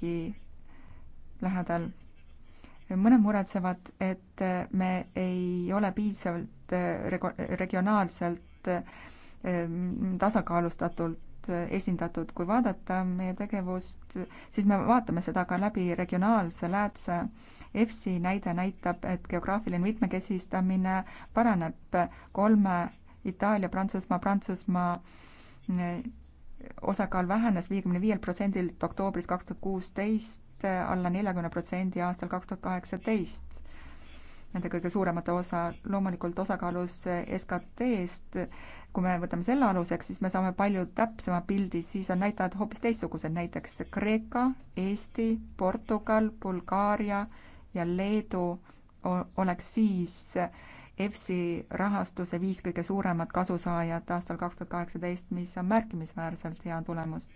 piiri lähedal. mõned muretsevad, et me ei ole piisavalt äh, rego-, regionaalselt ähm, tasakaalustatult äh, esindatud. kui vaadata meie tegevust, siis me vaatame seda ka läbi regionaalse läätse. EFSI näide näitab, et geograafiline mitmekesistamine paraneb kolme Itaalia, Prantsusmaa, Prantsusmaa äh, osakaal vähenes viiekümne viielt protsendilt oktoobris kaks tuhat kuusteist alla neljakümne protsendi aastal kaks tuhat kaheksateist. Nende kõige suuremate osa loomulikult osakaalus SKT-st, kui me võtame selle aluseks, siis me saame palju täpsema pildi, siis on näitajad hoopis teistsugused, näiteks Kreeka, Eesti, Portugal, Bulgaaria ja Leedu oleks siis äh, EFSI rahastuse viis kõige suuremat kasusaajat aastal kaks tuhat kaheksateist, mis on märkimisväärselt hea tulemus.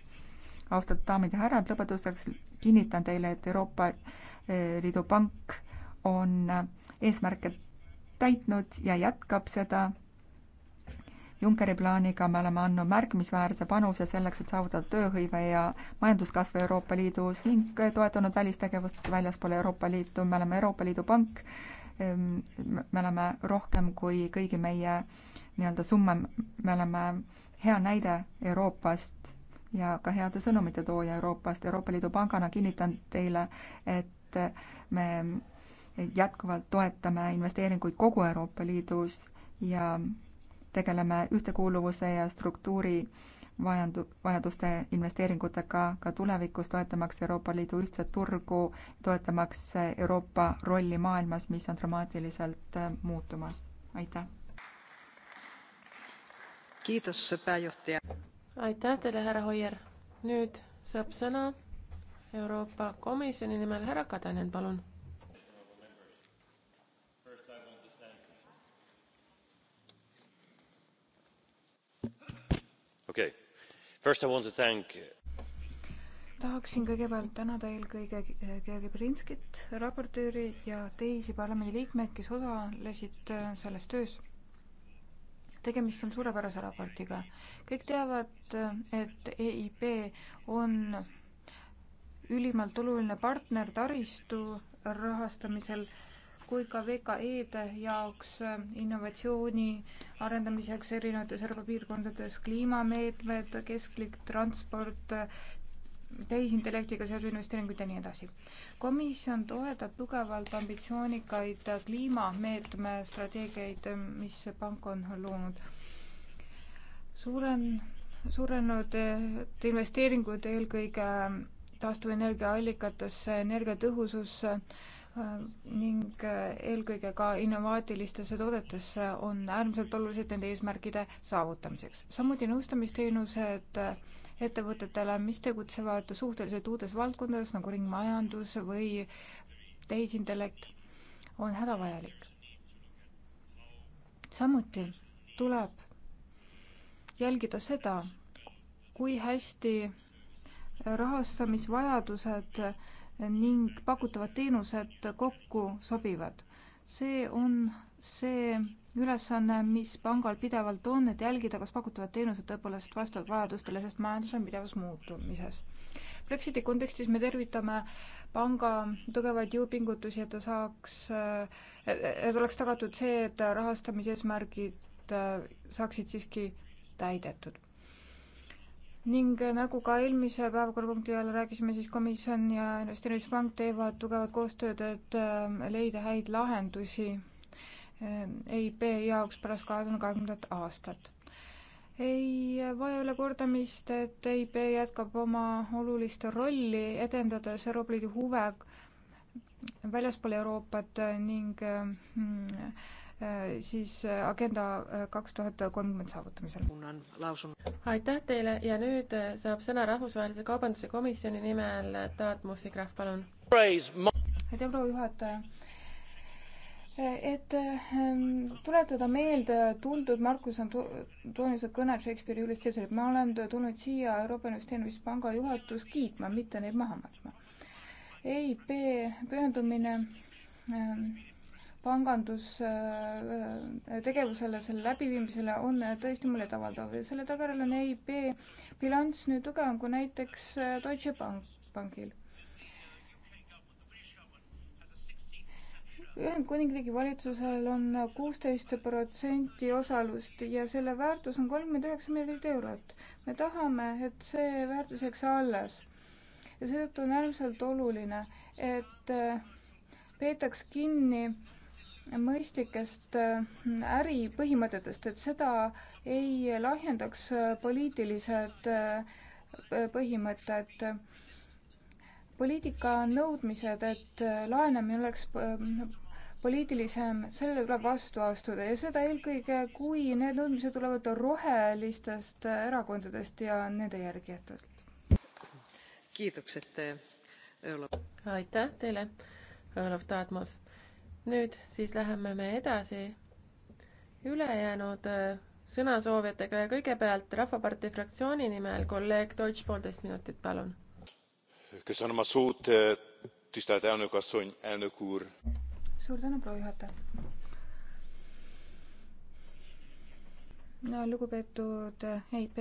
austatud daamid ja härrad, lõpetuseks kinnitan teile, et Euroopa eh, Liidu Pank on eh, eesmärke täitnud ja jätkab seda. Junckeri plaaniga me oleme andnud märkimisväärse panuse selleks, et saavutada tööhõive ja majanduskasv Euroopa Liidus ning eh, toetanud välistegevust väljaspool Euroopa Liitu. me oleme Euroopa Liidu pank me oleme rohkem kui kõigi meie nii-öelda summa, me oleme hea näide Euroopast ja ka heade sõnumite tooja Euroopast. Euroopa Liidu pangana kinnitan teile, et me jätkuvalt toetame investeeringuid kogu Euroopa Liidus ja tegeleme ühtekuuluvuse ja struktuuri vajandu-, vajaduste investeeringutega ka tulevikus, toetamaks Euroopa Liidu ühtset turgu, toetamaks Euroopa rolli maailmas, mis on dramaatiliselt äh, muutumas. aitäh! aitäh teile, härra Hoier! nüüd saab sõna Euroopa Komisjoni nimel härra Kadanen, palun okei okay. Uh, tahaksin kõigepealt tänada eelkõige äh, Georgi Brinskit, raportööri ja teisi parlamendiliikmeid, kes osalesid äh, selles töös. tegemist on suurepärase raportiga. kõik teavad, äh, et EIB on ülimalt oluline partner taristu rahastamisel kui ka VKE-de jaoks äh, innovatsiooni arendamiseks erinevates Euroopa piirkondades, kliimameetmed, kesklik transport, äh, tehisintellektiga seotud investeeringud ja nii edasi. komisjon toetab tugevalt ambitsioonikaid kliimameetme strateegiaid, äh, mis pank on loonud. suuren, suurenenud investeeringud eelkõige taastuvenergiaallikatesse, energiatõhususse Ähm, ning äh, eelkõige ka innovaatilistesse toodetesse on äärmiselt olulised nende eesmärkide saavutamiseks. samuti nõustamisteenused äh, ettevõtetele, mis tegutsevad suhteliselt uutes valdkondades nagu ringmajandus või tehisintellekt, on hädavajalik. samuti tuleb jälgida seda, kui hästi rahastamisvajadused ning pakutavad teenused kokku sobivad. see on see ülesanne, mis pangal pidevalt on, et jälgida, kas pakutavad teenused tõepoolest vastavad vajadustele, sest majandus on pidevas muutumises. Brexiti kontekstis me tervitame panga tugevaid jõupingutusi, et ta saaks, et oleks tagatud see, et rahastamise eesmärgid äh, saaksid siiski täidetud ning nagu ka eelmise päevakorrapunkti ajal rääkisime, siis komisjon ja investeerimispank teevad tugevat koostööd, et äh, leida häid lahendusi äh, EIB jaoks pärast kahe tuhande kahekümnendat aastat. ei vaja ülekordamist, et EIB jätkab oma olulist rolli, edendades Euroopa Liidu huve väljaspool Euroopat ning mm, Äh, siis äh, Agenda äh, kaks tuhat kolmkümmend saavutamisel. aitäh teile ja nüüd saab sõna Rahvusvahelise Kaubanduse Komisjoni nimel Taat Mufikrahv, palun. aitäh, proua juhataja et ähm, tuletada meelde tuntud Markus Antoniuse kõnet Shakespeare'i Julius Caesarit, ma olen tulnud siia Euroopa Investeerimispanga juhatust kiitma, mitte neid maha matma. EIP pühendumine ähm, pangandustegevusele, äh, selle läbiviimisele on tõesti muljetavaldav ja selle tagajärjel on EIB bilanss nüüd tugevam kui näiteks äh, Deutsche Bank, pangil. Ühendkuningriigi valitsusel on kuusteist protsenti osalust ja selle väärtus on kolmkümmend üheksa miljardit eurot. me tahame, et see väärtus jääks alles ja seetõttu on äärmiselt oluline, et äh, peetaks kinni mõistlikest äh, äripõhimõtetest, et seda ei lahjendaks äh, poliitilised äh, põhimõtted. poliitika nõudmised, et laenamine oleks ähm, poliitilisem, sellele tuleb vastu astuda ja seda eelkõige, kui need nõudmised tulevad rohelistest erakondadest ja nende järgijatelt. kiitokset, Olav. aitäh teile, Olav Taadmas nüüd siis läheme me edasi ülejäänud äh, sõnasoovijatega ja kõigepealt Rahvapartei fraktsiooni nimel kolleeg Deutsch, poolteist minutit, palun. Äh, suur tänu, proua juhataja. lugupeetud äh, EIP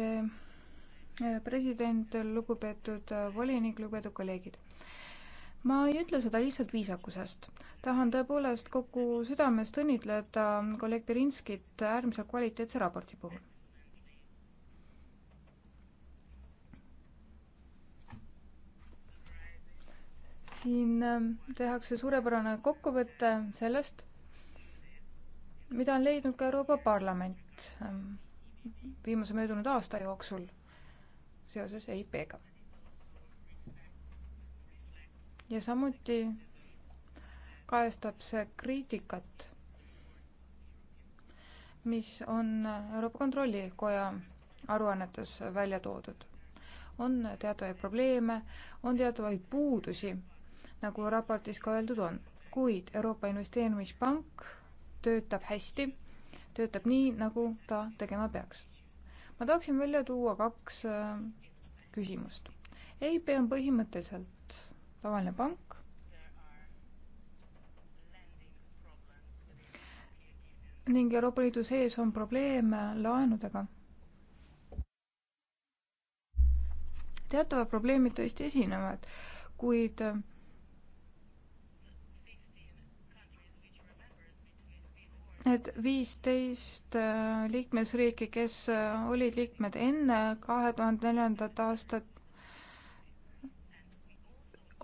president, lugupeetud volinik, lugupeetud kolleegid ma ei ütle seda lihtsalt viisakusest. tahan tõepoolest kogu südamest õnnitleda kolleeg Berinskit äärmiselt kvaliteetse raporti puhul. siin ähm, tehakse suurepärane kokkuvõte sellest, mida on leidnud ka Euroopa Parlament ähm, viimase möödunud aasta jooksul seoses EIP-ga ja samuti kajastab see kriitikat, mis on Euroopa Kontrollikoja aruannetes välja toodud. on teatavaid probleeme, on teatavaid puudusi, nagu raportis ka öeldud on, kuid Euroopa Investeerimispank töötab hästi, töötab nii, nagu ta tegema peaks. ma tahaksin välja tuua kaks äh, küsimust. EIB on põhimõtteliselt tavaline pank. ning Euroopa Liidu sees on probleeme laenudega. teatavad probleemid tõesti esinevad, kuid need viisteist äh, liikmesriiki, kes äh, olid liikmed enne kahe tuhande neljandat aastat,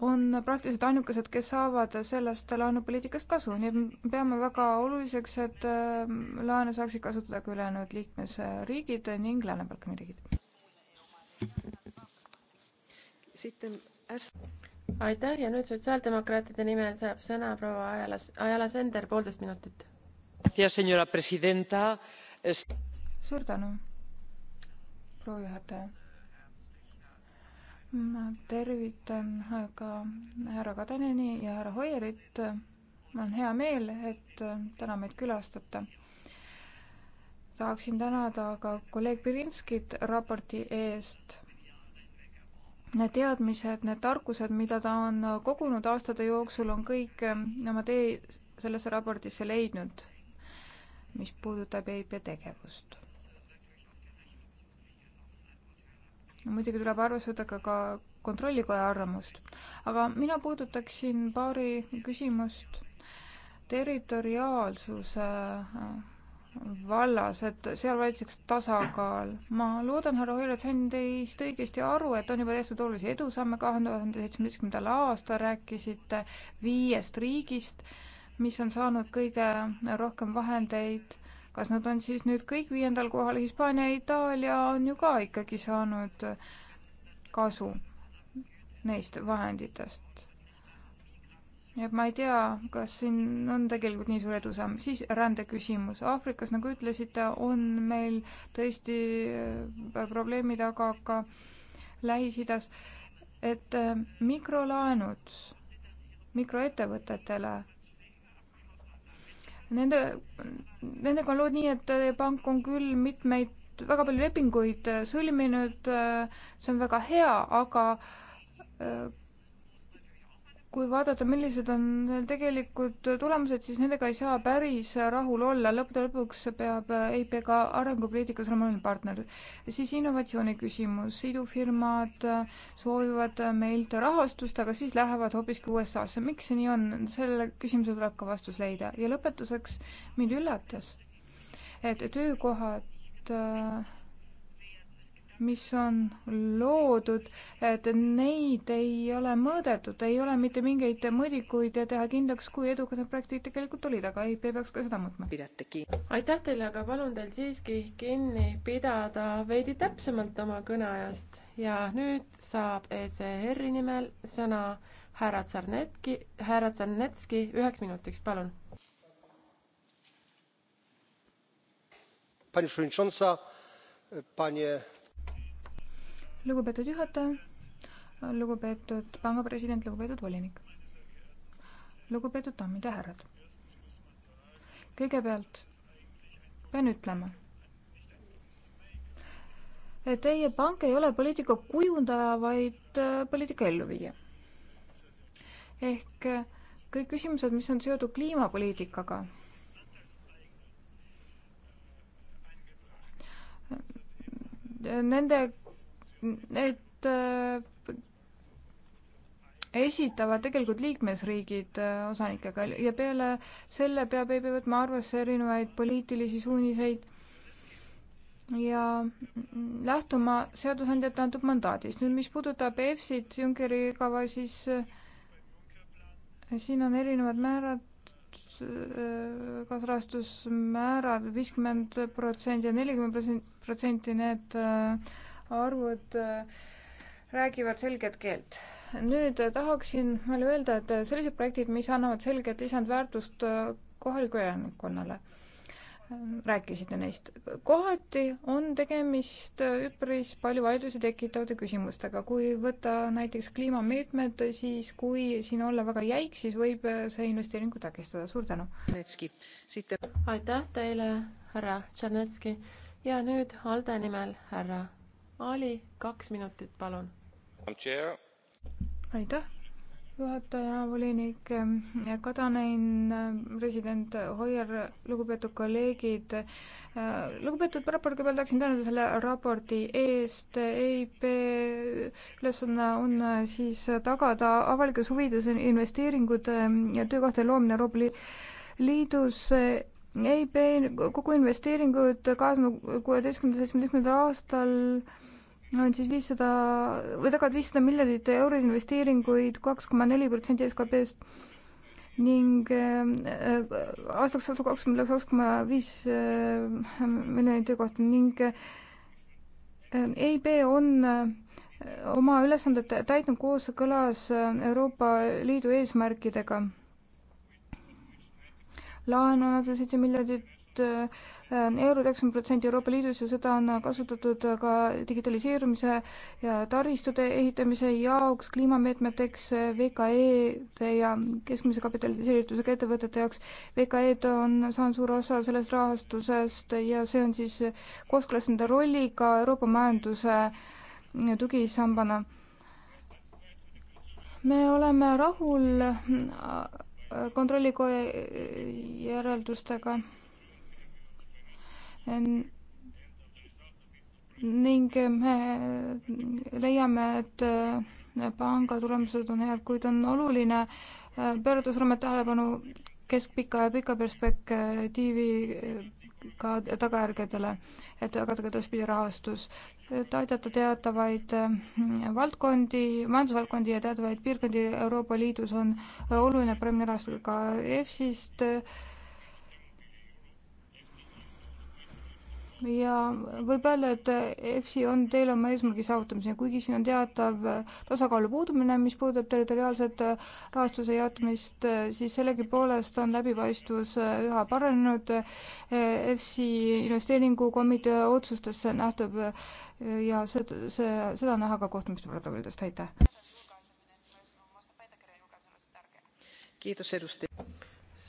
on praktiliselt ainukesed, kes saavad sellest laenupoliitikast kasu, nii et me peame väga oluliseks, et äh, laene saaksid kasutada ka ülejäänud liikmesriigid ning Lääne-Balkani riigid. aitäh ja nüüd sotsiaaldemokraatide nimel saab sõna proua Ajala, Ajala Sender, poolteist minutit. suur tänu, proua juhataja ma tervitan ka härra Kadaneni ja härra Hoierit. mul on hea meel, et täna meid külastate. tahaksin tänada ka kolleeg Pirinskit raporti eest. Need teadmised, need tarkused, mida ta on kogunud aastate jooksul, on kõik oma tee sellesse raportisse leidnud, mis puudutab EIP tegevust muidugi tuleb arvestada ka, ka kontrollikoja arvamust. aga mina puudutaksin paari küsimust territoriaalsuse äh, vallas, et seal valitseks tasakaal. ma loodan, härra Oiler, et sain teist õigesti aru, et on juba tehtud olulisi edusamme. kahe tuhande seitsmeteistkümnendal aastal rääkisite viiest riigist, mis on saanud kõige rohkem vahendeid kas nad on siis nüüd kõik viiendal kohal, Hispaania ja Itaalia on ju ka ikkagi saanud kasu neist vahenditest. nii et ma ei tea, kas siin on tegelikult nii suur edusamm, siis rändeküsimus. Aafrikas, nagu ütlesite, on meil tõesti äh, probleemid, aga ka Lähis-Idas, et äh, mikrolaenud mikroettevõtetele Nende, nendega on lood nii, et eh, pank on küll mitmeid, väga palju lepinguid eh, sõlminud, eh, see on väga hea, aga kui vaadata, millised on tegelikud tulemused, siis nendega ei saa päris rahul olla, lõppude lõpuks peab EIP ka arengupoliitikas olema partner. siis innovatsiooni küsimus, idufirmad soovivad meilt rahastust, aga siis lähevad hoopiski USA-sse, miks see nii on, sellele küsimusele tuleb ka vastus leida ja lõpetuseks mind üllatas, et töökohad äh, mis on loodud, et neid ei ole mõõdetud, ei ole mitte mingeid mõõdikuid teha kindlaks, kui edukad need projektid tegelikult olid, aga ei, peaks ka seda mõõtma. aitäh teile, aga palun teil siiski kinni pidada veidi täpsemalt oma kõneajast ja nüüd saab ECR-i nimel sõna härra Tsarnetki, härra Tsarnetski üheks minutiks, palun. pani przewodnicząca, panie lugupeetud juhataja, lugupeetud panga president, lugupeetud volinik, lugupeetud daamid ja härrad. kõigepealt pean ütlema, et teie pank ei ole poliitika kujundaja, vaid äh, poliitika elluviija. ehk äh, kõik küsimused, mis on seotud kliimapoliitikaga äh, nende et äh, esitavad tegelikult liikmesriigid äh, osanikega ja peale selle peab EIB võtma arvesse erinevaid poliitilisi suuniseid ja lähtuma seadusandjate antud mandaadist. nüüd, mis puudutab EFSit, Junckeri kava, siis äh, siin on erinevad määrad, kaasrahastusmäärad viiskümmend protsenti ja nelikümmend protsenti, need äh, arvud äh, räägivad selget keelt. nüüd äh, tahaksin veel öelda, et äh, sellised projektid, mis annavad selget lisandväärtust kohalikule elanikkonnale, rääkisite neist. kohati on tegemist üpris palju vaidlusi tekitavate küsimustega. kui võtta näiteks kliimameetmed, siis kui siin olla väga jäik, siis võib see investeeringu takistada. suur tänu! aitäh teile, härra Tšernetski ja nüüd ALDE nimel härra Ali, kaks minutit, palun. aitäh, juhataja, volinik Kadanen, äh, president Hoier, lugupeetud kolleegid. Äh, lugupeetud raport, kõigepealt tahaksin tänada selle raporti eest. EIP ülesanne on, on äh, siis tagada avalikes huvides investeeringud ja töökohtade loomine Euroopa Liidus EIP kogu investeeringud kahe tuhande kuueteistkümnendal, seitsmeteistkümnendal aastal on siis viissada või tagavad viissada miljardit eurot investeeringuid kaks koma neli protsenti SKP-st ning äh, äh aastaks sada kakskümmend läks kaks koma viis äh, miljonit töökohta ning äh, EIB on äh, oma ülesanded täitnud kooskõlas äh, Euroopa Liidu eesmärkidega. laen on antud seitse miljardit Äh, eurot, üheksakümmend protsenti Euroopa Liidus ja seda on kasutatud ka digitaliseerumise ja taristute ehitamise jaoks, kliimameetmeteks, VKE-de ja keskmise kapitaliseeritusega ettevõtete jaoks. VKE-d on saanud suure osa sellest rahastusest ja see on siis kooskõlas nende rolliga Euroopa majanduse tugisambana. me oleme rahul äh, kontrollikoja järeldustega ning me leiame, et äh, panga tulemused on head, kuid on oluline äh, pöörata suuremat tähelepanu keskpika ja pika perspektiivi äh, ka tagajärgedele, et tagada edaspidi rahastus, et aidata teatavaid valdkondi, majandusvaldkondi ja teatavaid piirkondi Euroopa Liidus on oluline paremini rahastada ka EFSist äh, ja võib öelda, et EFSI on teel oma eesmärgi saavutamiseni, kuigi siin on teatav tasakaalu puudumine, mis puudutab territoriaalset rahastuse jaotamist, siis sellegipoolest on läbipaistvus üha paranenud. EFSI investeeringukomitee otsustesse nähtub ja see, see, seda on näha ka kohtumiste protokollidest, aitäh.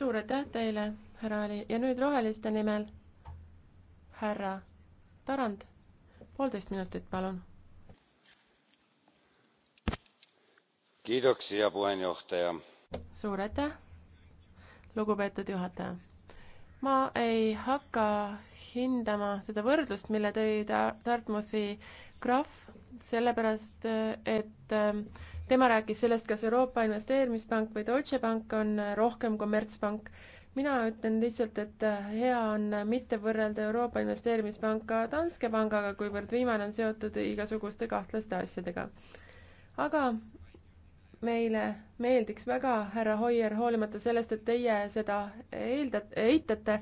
suur aitäh teile, härra Ali, ja nüüd Roheliste nimel härra Tarand, poolteist minutit, palun. kiitoksia, puheenjohtaja. suur aitäh, lugupeetud juhataja. ma ei hakka hindama seda võrdlust, mille tõi ta Dartmouthi krahv, sellepärast et ähm, tema rääkis sellest, kas Euroopa Investeerimispank või Deutsche Bank on äh, rohkem kommertspank mina ütlen lihtsalt, et äh, hea on mitte võrrelda Euroopa Investeerimispanka Danske pangaga, kuivõrd viimane on seotud igasuguste kahtlaste asjadega. aga meile meeldiks väga, härra Hoier, hoolimata sellest, et teie seda eeldate, eitate,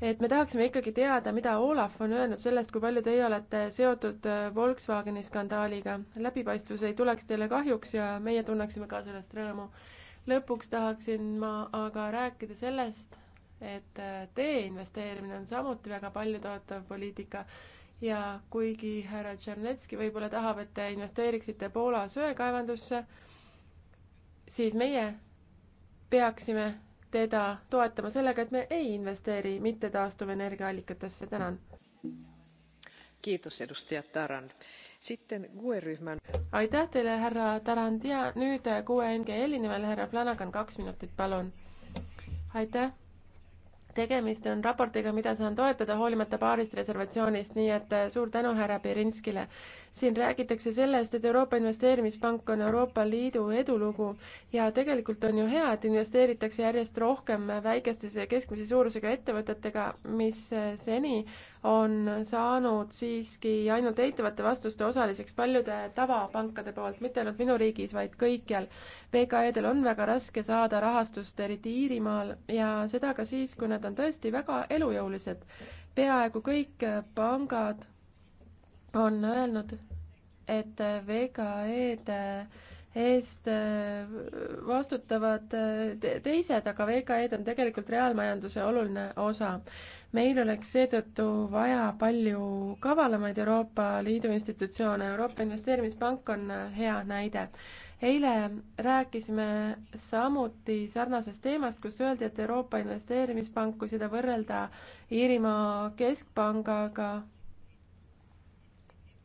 et me tahaksime ikkagi teada, mida Olav on öelnud sellest, kui palju teie olete seotud äh, Volkswageni skandaaliga. läbipaistvus ei tuleks teile kahjuks ja meie tunneksime ka sellest rõõmu lõpuks tahaksin ma aga rääkida sellest, et äh, tee investeerimine on samuti väga paljutootav poliitika ja kuigi härra Tšernetski võib-olla tahab, et te investeeriksite Poola söekaevandusse, siis meie peaksime teda toetama sellega, et me ei investeeri mitte taastuvenergiaallikatesse, tänan. kiitos, edustaja Taran aitäh teile, härra Tarand ja nüüd kuue NGL-i nimel härra Flanagan, kaks minutit, palun. aitäh tegemist on raportiga, mida saan toetada hoolimata paarist reservatsioonist, nii et eh, suur tänu härra Pirinskile siin räägitakse sellest, et Euroopa Investeerimispank on Euroopa Liidu edulugu ja tegelikult on ju hea, et investeeritakse järjest rohkem väikestesse ja keskmise suurusega ettevõtetega, mis seni on saanud siiski ainult eitavate vastuste osaliseks paljude tavapankade poolt, mitte ainult minu riigis, vaid kõikjal. VKE-del on väga raske saada rahastust, eriti Iirimaal, ja seda ka siis, kui nad on tõesti väga elujõulised. peaaegu kõik pangad on öelnud, et VKE-de eest äh, vastutavad äh, teised, aga VKE-d on tegelikult reaalmajanduse oluline osa. meil oleks seetõttu vaja palju kavalamaid Euroopa Liidu institutsioone, Euroopa Investeerimispank on äh, hea näide. eile rääkisime samuti sarnasest teemast, kus öeldi, et Euroopa Investeerimispank, kui seda võrrelda Iirimaa keskpangaga,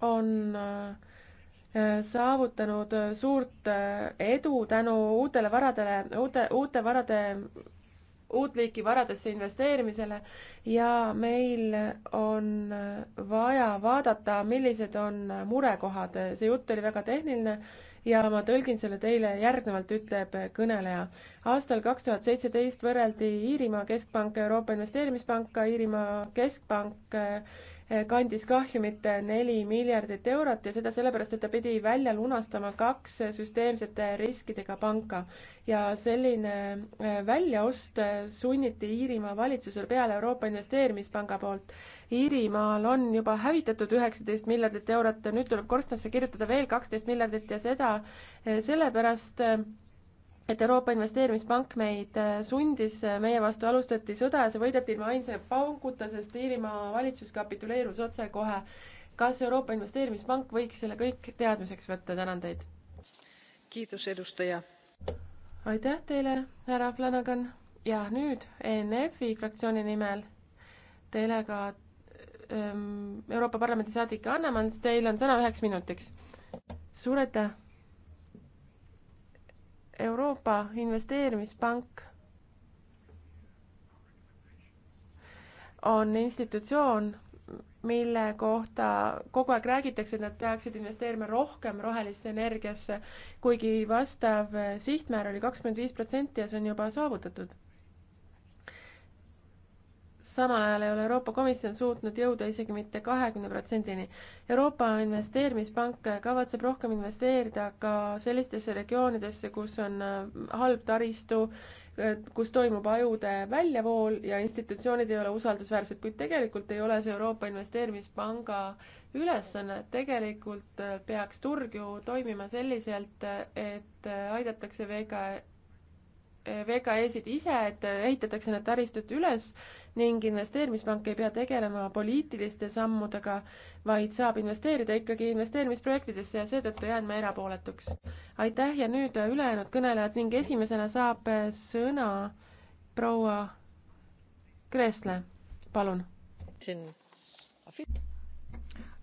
on äh, saavutanud suurt äh, edu tänu uutele varadele, uute, uute varade, uut liiki varadesse investeerimisele ja meil on äh, vaja vaadata, millised on murekohad. see jutt oli väga tehniline ja ma tõlgin selle teile järgnevalt, ütleb kõneleja. aastal kaks tuhat seitseteist võrreldi Iirimaa keskpanka Euroopa Investeerimispanka, Iirimaa keskpank kandis kahjumit neli miljardit eurot ja seda sellepärast, et ta pidi välja lunastama kaks süsteemsete riskidega panka. ja selline äh, väljaost äh, sunniti Iirimaa valitsusel peale Euroopa Investeerimispanga poolt. Iirimaal on juba hävitatud üheksateist miljardit eurot, nüüd tuleb korstnasse kirjutada veel kaksteist miljardit ja seda äh, sellepärast, et Euroopa Investeerimispank meid äh, sundis, äh, meie vastu alustati sõda ja see võideti ilma ainsa pauguta, sest Iirimaa valitsus kapituleerus otsekohe. kas Euroopa Investeerimispank võiks selle kõik teadmiseks võtta, tänan teid. kiidus, edustaja. aitäh teile, härra Flanagan ja nüüd ENF-i fraktsiooni nimel teile ka ähm, Euroopa Parlamendi saadik Annemans, teil on sõna üheks minutiks. suur aitäh Euroopa Investeerimispank on institutsioon, mille kohta kogu aeg räägitakse, et nad peaksid investeerima rohkem rohelisse energiasse, kuigi vastav sihtmäär oli kakskümmend viis protsenti ja see on juba saavutatud samal ajal ei ole Euroopa Komisjon suutnud jõuda isegi mitte kahekümne protsendini. Euroopa Investeerimispank kavatseb rohkem investeerida ka sellistesse regioonidesse, kus on äh, halb taristu, äh, kus toimub ajude väljavool ja institutsioonid ei ole usaldusväärsed, kuid tegelikult ei ole see Euroopa Investeerimispanga ülesanne, tegelikult äh, peaks turg ju toimima selliselt, et aidatakse VK, e, VKE-sid ise, et ehitatakse need taristud üles ning investeerimispank ei pea tegelema poliitiliste sammudega, vaid saab investeerida ikkagi investeerimisprojektidesse ja seetõttu jään ma erapooletuks. aitäh ja nüüd ülejäänud kõnelejad ning esimesena saab sõna proua Kresle, palun.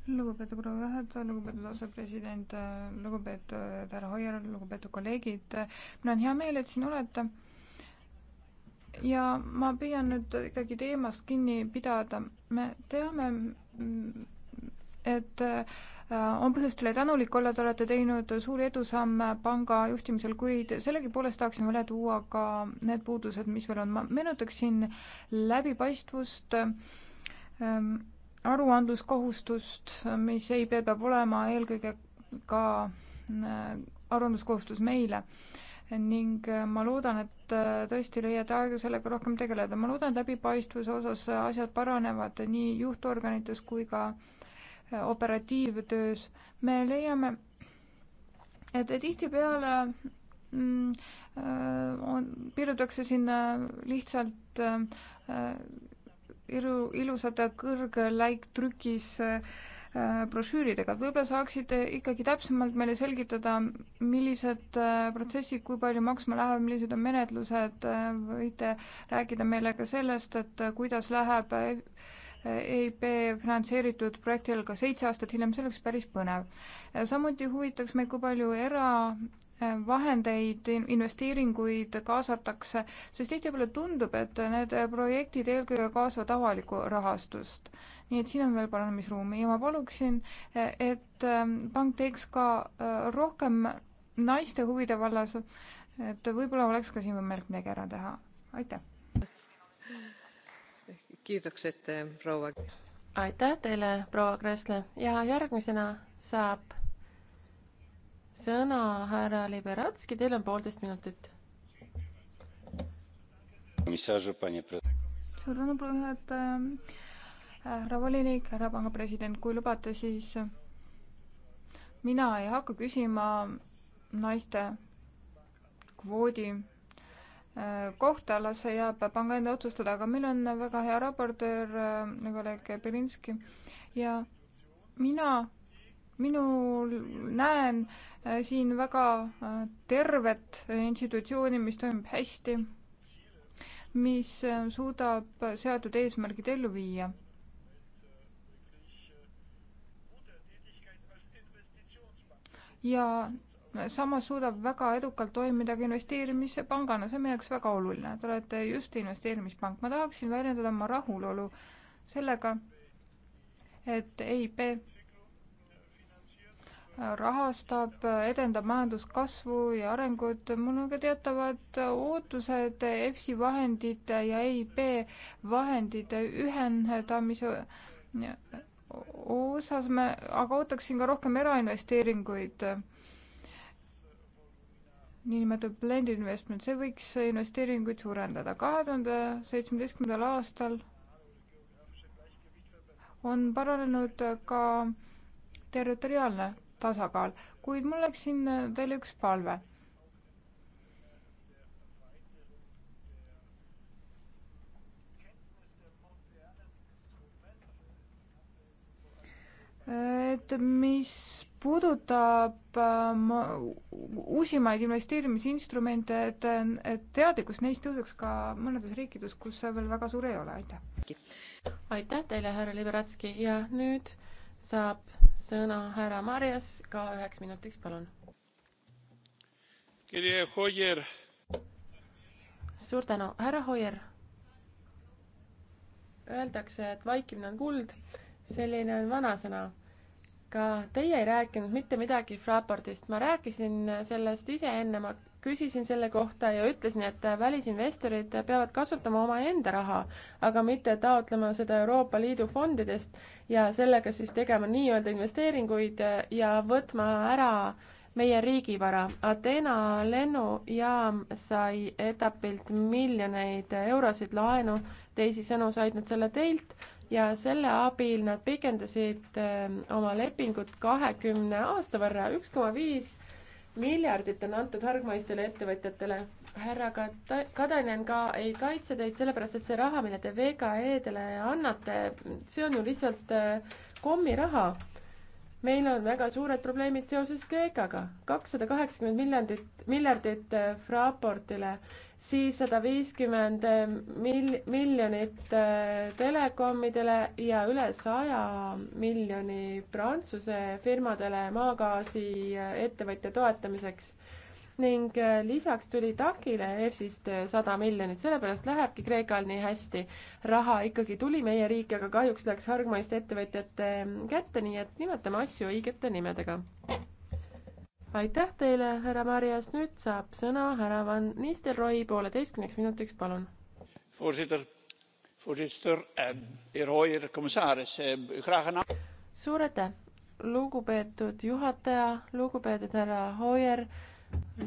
lugupeetud proua juhataja, lugupeetud asepresident, lugupeetud härra Hoier, lugupeetud kolleegid, mul on hea meel, et siin olete ja ma püüan nüüd ikkagi teemast kinni pidada. me teame, et äh, on põhjust teile tänulik olla, te olete teinud suuri edusamme panga juhtimisel, kuid sellegipoolest tahaksin üle tuua ka need puudused, mis veel on. ma meenutaksin läbipaistvust ähm,, aruandluskohustust, mis EIB peab olema eelkõige ka äh, aruandluskohustus meile äh, ning äh, ma loodan, et äh, tõesti leiate aega sellega rohkem tegeleda. ma loodan, et läbipaistvuse osas asjad paranevad nii juhtorganites kui ka äh, operatiivtöös. me leiame, et tihtipeale mm, on, piirdutakse siin lihtsalt ilu, ilusate kõrgläiktrükis äh, Äh, brošüüridega, et võib-olla saaksite ikkagi täpsemalt meile selgitada, millised äh, protsessid, kui palju maksma läheb, millised on menetlused, äh, võite rääkida meile ka sellest, et kuidas läheb EIB finantseeritud projektil ka seitse aastat hiljem, see oleks päris põnev. samuti huvitaks meid, kui palju eravahendeid, investeeringuid kaasatakse, sest tihtipeale tundub, et need projektid eelkõige kaasavad avalikku rahastust nii et siin on veel paranemisruumi ja ma paluksin, eh, et eh, pank teeks ka eh, rohkem naiste huvide vallas, et võib-olla oleks ka siin võimalik midagi ära teha, aitäh. kiitokset, proua. aitäh teile, proua Kressle ja järgmisena saab sõna härra Liberatski, teil on poolteist minutit. suur tänu, proua juhataja härra volinik, härra panga president, kui lubate, siis mina ei hakka küsima naiste kvoodi äh, kohta, las see jääb panga enda otsustada, aga meil on väga hea raportöör äh,, kolleeg Berinski ja mina, minul näen äh, siin väga äh, tervet institutsiooni, mis toimib hästi mis äh, suudab seatud eesmärgid ellu viia. ja samas suudab väga edukalt toimida ka investeerimispangana, see on meie jaoks väga oluline. Te olete just investeerimispank. ma tahaksin väljendada oma rahulolu sellega, et EIP rahastab, edendab majanduskasvu ja arengut. mul on ka teatavad ootused EFSI vahendite ja EIB vahendite ühendamise osas me aga ootaksin ka rohkem erainvesteeringuid, niinimetatud blended investment, see võiks investeeringuid suurendada. kahe tuhande seitsmeteistkümnendal aastal on paranenud ka territoriaalne tasakaal, kuid mul oleks siin teile üks palve et mis puudutab ähm, uusimaid investeerimisinstrumente, et, et teadlikkus neist tõuseks ka mõnedes riikides, kus see veel väga suur ei ole, aitäh. aitäh teile, härra Liberatski ja nüüd saab sõna härra Marjas ka üheks minutiks, palun. suur tänu, härra Hoier. Öeldakse, et vaikimine on kuld selline on vanasõna. ka teie ei rääkinud mitte midagi Fraportist, ma rääkisin sellest ise enne, ma küsisin selle kohta ja ütlesin, et välisinvestorid peavad kasutama omaenda raha, aga mitte taotlema seda Euroopa Liidu fondidest ja sellega siis tegema nii-öelda investeeringuid ja võtma ära meie riigivara. Ateena lennujaam sai etapilt miljoneid eurosid laenu, teisisõnu said nad selle teilt ja selle abil nad pikendasid ähm, oma lepingut kahekümne aasta võrra, üks koma viis miljardit on antud hargmaistele ettevõtjatele. härra Kadanen ka ei kaitse teid sellepärast, et see raha, mille te VKE-dele annate, see on ju lihtsalt äh, kommiraha meil on väga suured probleemid seoses Kreekaga, kakssada kaheksakümmend miljardit, miljardit Fraportile, äh, siis sada viiskümmend äh, mil-, miljonit äh, telekommidele ja üle saja miljoni Prantsuse firmadele maagaasi ettevõtja toetamiseks ning äh, lisaks tuli TAK-ile EFSist äh, sada miljonit, sellepärast lähebki Kreekal nii hästi. raha ikkagi tuli meie riiki, aga kahjuks läks hargmaiste ettevõtjate mm, kätte, nii et nimetame asju õigete nimedega. aitäh teile, härra Marias, nüüd saab sõna härra Van Nistelrooy pooleteistkümneks minutiks, palun. Eh, eh, suur aitäh, lugupeetud juhataja, lugupeetud härra Hoier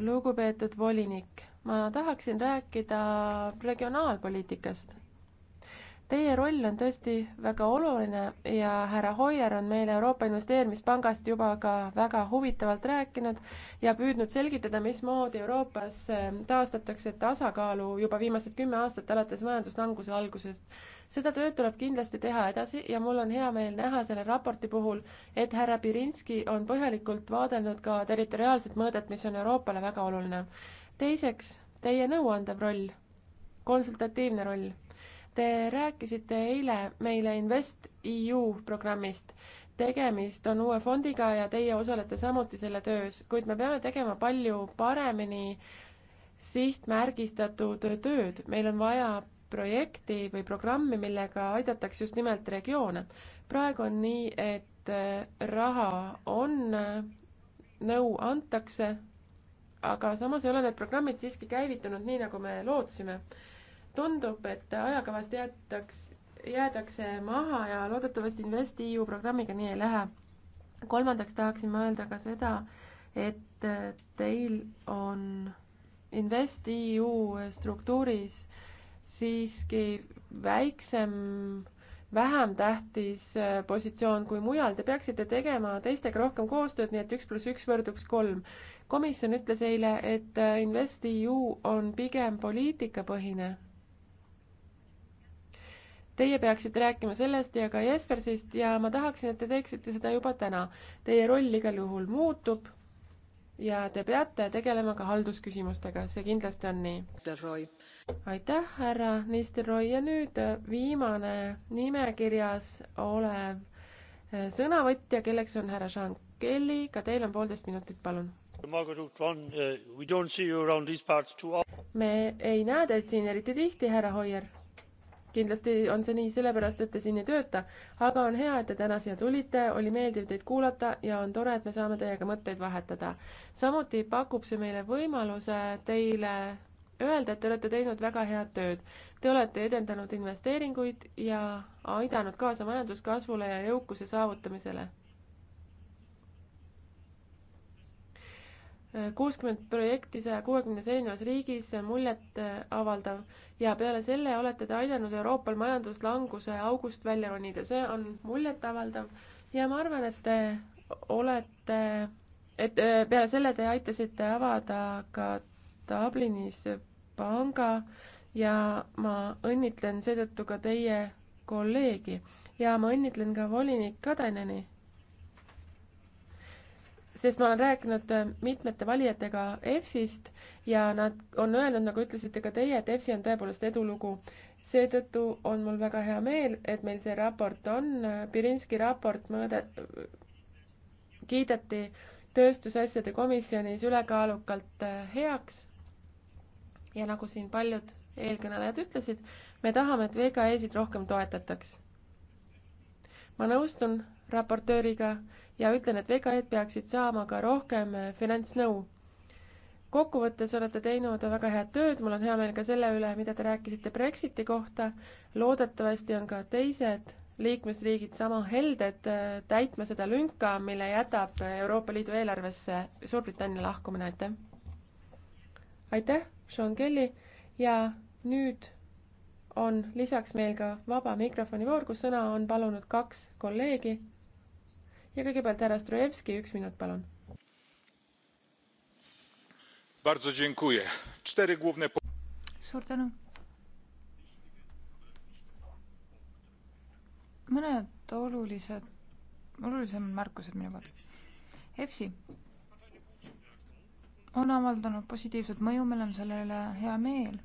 lugupeetud volinik, ma tahaksin rääkida regionaalpoliitikast Teie roll on tõesti väga oluline ja härra Hoier on meile Euroopa Investeerimispangast juba ka väga huvitavalt rääkinud ja püüdnud selgitada, mismoodi Euroopas ehm, taastatakse tasakaalu juba viimased kümme aastat alates majanduslanguse algusest. seda tööd tuleb kindlasti teha edasi ja mul on hea meel näha selle raporti puhul, et härra Pirinski on põhjalikult vaadelnud ka territoriaalset mõõdet, mis on Euroopale väga oluline. teiseks, teie nõuandev roll, konsultatiivne roll Te rääkisite eile meile InvestEU programmist. tegemist on uue fondiga ja teie osalete samuti selle töös, kuid me peame tegema palju paremini sihtmärgistatud tööd. meil on vaja projekti või programmi, millega aidatakse just nimelt regioone. praegu on nii, et äh, raha on, äh, nõu antakse, aga samas ei ole need programmid siiski käivitunud nii, nagu me lootsime tundub, et ajakavast jäetaks, jäädakse maha ja loodetavasti InvestEU programmiga nii ei lähe. kolmandaks tahaksin ma öelda ka seda, et teil on InvestEU struktuuris siiski väiksem vähem tähtis positsioon kui mujal, te peaksite tegema teistega rohkem koostööd, nii et üks pluss üks võrduks kolm. komisjon ütles eile, et InvestEU on pigem poliitikapõhine Teie peaksite rääkima sellest ja ka Jespersist ja ma tahaksin, et te teeksite seda juba täna. Teie roll igal juhul muutub ja te peate tegelema ka haldusküsimustega, see kindlasti on nii. aitäh, härra Nistelrooy ja nüüd viimane nimekirjas olev eh, sõnavõtja, kelleks on härra Sean Kelly, ka teil on poolteist minutit, palun me ei näe teid siin eriti tihti, härra Hoier kindlasti on see nii sellepärast, et te siin ei tööta, aga on hea, et te täna siia tulite, oli meeldiv teid kuulata ja on tore, et me saame teiega mõtteid vahetada. samuti pakub see meile võimaluse teile öelda, et te olete teinud väga head tööd. Te olete edendanud investeeringuid ja aidanud kaasa majanduskasvule ja jõukuse saavutamisele kuuskümmend projekti saja kuuekümnes erinevas riigis, muljet äh, avaldav. ja peale selle olete te aidanud Euroopal majanduslanguse august välja ronida, see on muljet avaldav ja ma arvan, et te olete, et äh, peale selle te aitasite avada ka Dublinis panga ja ma õnnitlen seetõttu ka teie kolleegi ja ma õnnitlen ka volinik Kadeneni sest ma olen rääkinud äh, mitmete valijatega EFSist ja nad on öelnud, nagu ütlesite ka teie, et EFSi on tõepoolest edulugu. seetõttu on mul väga hea meel, et meil see raport on, äh, Pirinski raport mõõde, kiideti tööstusasjade komisjonis ülekaalukalt äh, heaks. ja nagu siin paljud eelkõnelejad ütlesid, me tahame, et VKE-sid rohkem toetataks. ma nõustun raportööriga ja ütlen, et VKE-d peaksid saama ka rohkem eh, finantsnõu. kokkuvõttes olete teinud väga head tööd, mul on hea meel ka selle üle, mida te rääkisite Brexiti kohta. loodetavasti on ka teised liikmesriigid sama helded eh, täitma seda lünka, mille jätab Euroopa Liidu eelarvesse Suurbritannia lahkumine, aitäh! aitäh, Sean Kelly ja nüüd on lisaks meil ka vaba mikrofoni voor, kus sõna on palunud kaks kolleegi ja kõigepealt härra Strojevski, üks minut, palun. suur tänu. mõned olulised, olulisemad märkused minu poolt. EFSI on avaldanud positiivset mõju, meil on selle üle hea meel,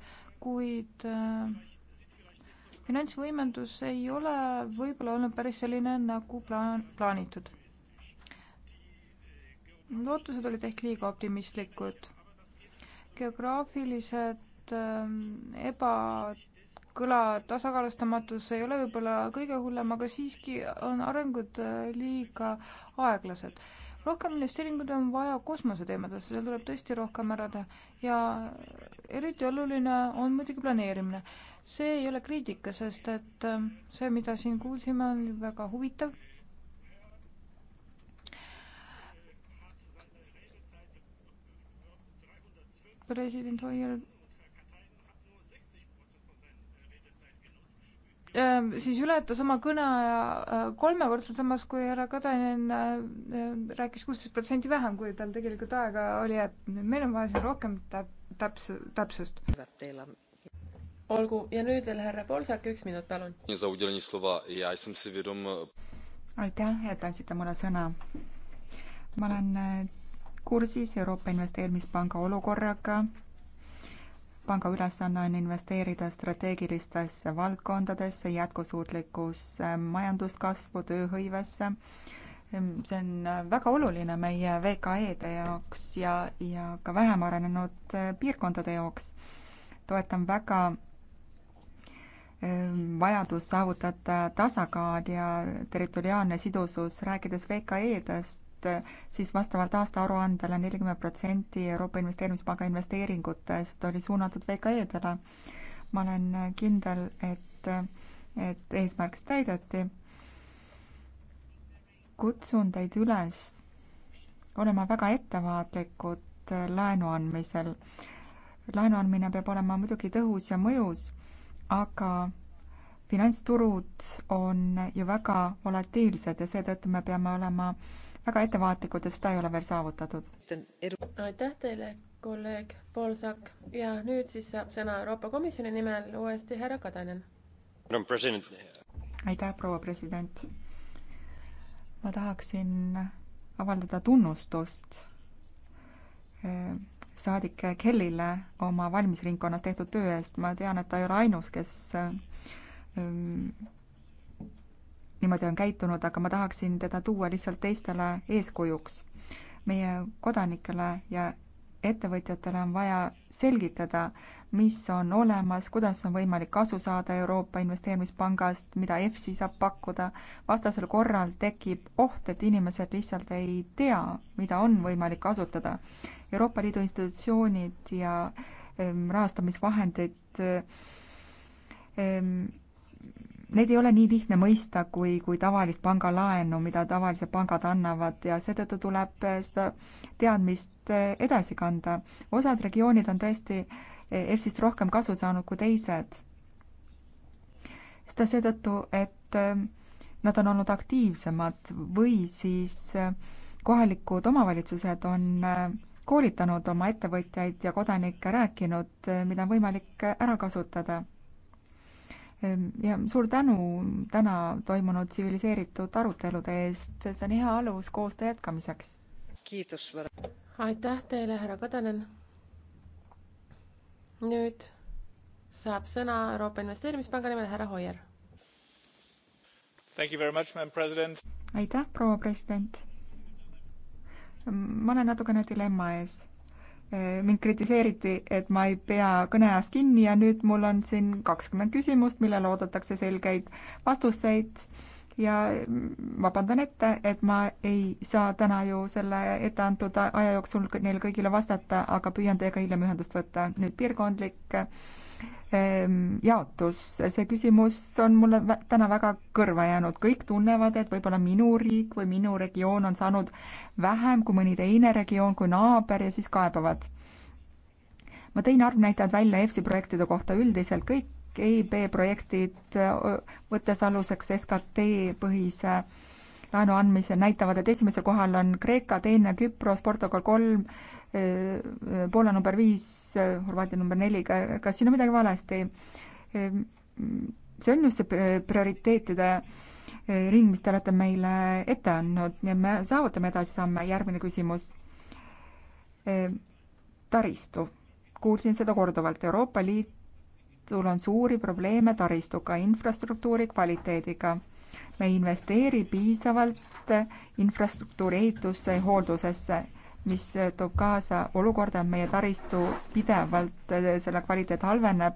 kuid äh, finantsvõimendus ei ole võib-olla olnud päris selline, nagu plaan, plaanitud lootused olid ehk liiga optimistlikud. geograafilised ähm, ebakõla tasakaalustamatus ei ole võib-olla kõige hullem, aga siiski on arengud äh, liiga aeglased. rohkem investeeringuid on vaja kosmoseteemadesse, seal tuleb tõesti rohkem ära teha ja eriti oluline on muidugi planeerimine. see ei ole kriitika, sest et ähm, see, mida siin kuulsime, on väga huvitav Präsident Hoier ähm, siis ületas oma kõneaja äh, kolmekordselt, samas kui härra Kadanen äh, äh, rääkis kuusteist protsenti vähem, kui tal tegelikult aega oli, et meil on vaja siin rohkem täp-, täps-, täpsust. olgu, ja nüüd veel härra Polsak, üks minut, palun. aitäh, et andsite mulle sõna. ma olen kursis Euroopa Investeerimispanga olukorraga. panga ülesanne on investeerida strateegilistesse valdkondadesse, jätkusuutlikusse majanduskasvu, tööhõivesse. see on väga oluline meie VKE-de jaoks ja, ja ka vähem arenenud piirkondade jaoks. toetan väga ähm, vajadus saavutada tasakaal ja territoriaalne sidusus, rääkides VKE-dest, et äh, siis vastavalt aastaaruandele nelikümmend protsenti Euroopa Investeerimispanga investeeringutest oli suunatud VKE-dele. ma olen äh, kindel, et, äh, et eesmärk täideti. kutsun teid üles olema väga ettevaatlikud laenu andmisel. laenu andmine peab olema muidugi tõhus ja mõjus, aga finantsturud on ju väga volatiilsed ja seetõttu me peame olema äh, väga ettevaatlikud ja seda ei ole veel saavutatud. aitäh teile, kolleeg Polsak ja nüüd siis saab sõna Euroopa Komisjoni nimel uuesti härra Kadanen. aitäh, proua president. ma tahaksin avaldada tunnustust eh, saadik Kellile oma valmisringkonnas tehtud töö eest. ma tean, et ta ei ole ainus, kes eh, niimoodi on käitunud, aga ma tahaksin teda tuua lihtsalt teistele eeskujuks. meie kodanikele ja ettevõtjatele on vaja selgitada, mis on olemas, kuidas on võimalik kasu saada Euroopa Investeerimispangast, mida EFSI saab pakkuda. vastasel korral tekib oht, et inimesed lihtsalt ei tea, mida on võimalik kasutada. Euroopa Liidu institutsioonid ja ähm, rahastamisvahendid ähm, neid ei ole nii lihtne mõista kui, kui tavalist pangalaenu, mida tavalised pangad annavad ja seetõttu tuleb eh, seda teadmist eh, edasi kanda. osad regioonid on tõesti EFSist eh, rohkem kasu saanud kui teised. seda seetõttu, et nad on olnud aktiivsemad või siis kohalikud omavalitsused on koolitanud oma ettevõtjaid ja kodanikke, rääkinud, mida on võimalik ära kasutada Ehm, ja suur tänu täna toimunud tsiviliseeritud arutelude eest, see on hea alus koostöö jätkamiseks. aitäh teile, härra Kadanen. nüüd saab sõna Euroopa Investeerimispanga nimel härra Hoier. aitäh, proua president. ma olen natukene dilemma ees mind kritiseeriti, et ma ei pea kõneajast kinni ja nüüd mul on siin kakskümmend küsimust, millele oodatakse selgeid vastuseid ja vabandan ette, et ma ei saa täna ju selle etteantud aja jooksul neile kõigile vastata, aga püüan teiega hiljem ühendust võtta. nüüd piirkondlik ehm, jaotus, see küsimus on mulle täna väga kõrva jäänud, kõik tunnevad, et võib-olla minu riik või minu regioon on saanud vähem kui mõni teine regioon kui naaber ja siis kaebavad ma tõin arvnäitajad välja EFSI projektide kohta üldiselt, kõik EIB projektid, võttes aluseks SKT põhise laenu andmise, näitavad, et esimesel kohal on Kreeka, teine Küpros, Portugal kolm, Poola number viis, Horvaatia number neli, kas siin on midagi valesti? see on just see prioriteetide ring, mis te olete meile ette andnud, nii et me saavutame edasisamme, järgmine küsimus. taristu, kuulsin seda korduvalt, Euroopa Liit Liidul on suuri probleeme taristuga, infrastruktuuri kvaliteediga. me ei investeeri piisavalt infrastruktuuri ehitusse ja hooldusesse, mis toob kaasa olukorda, et meie taristu pidevalt, selle kvaliteet halveneb.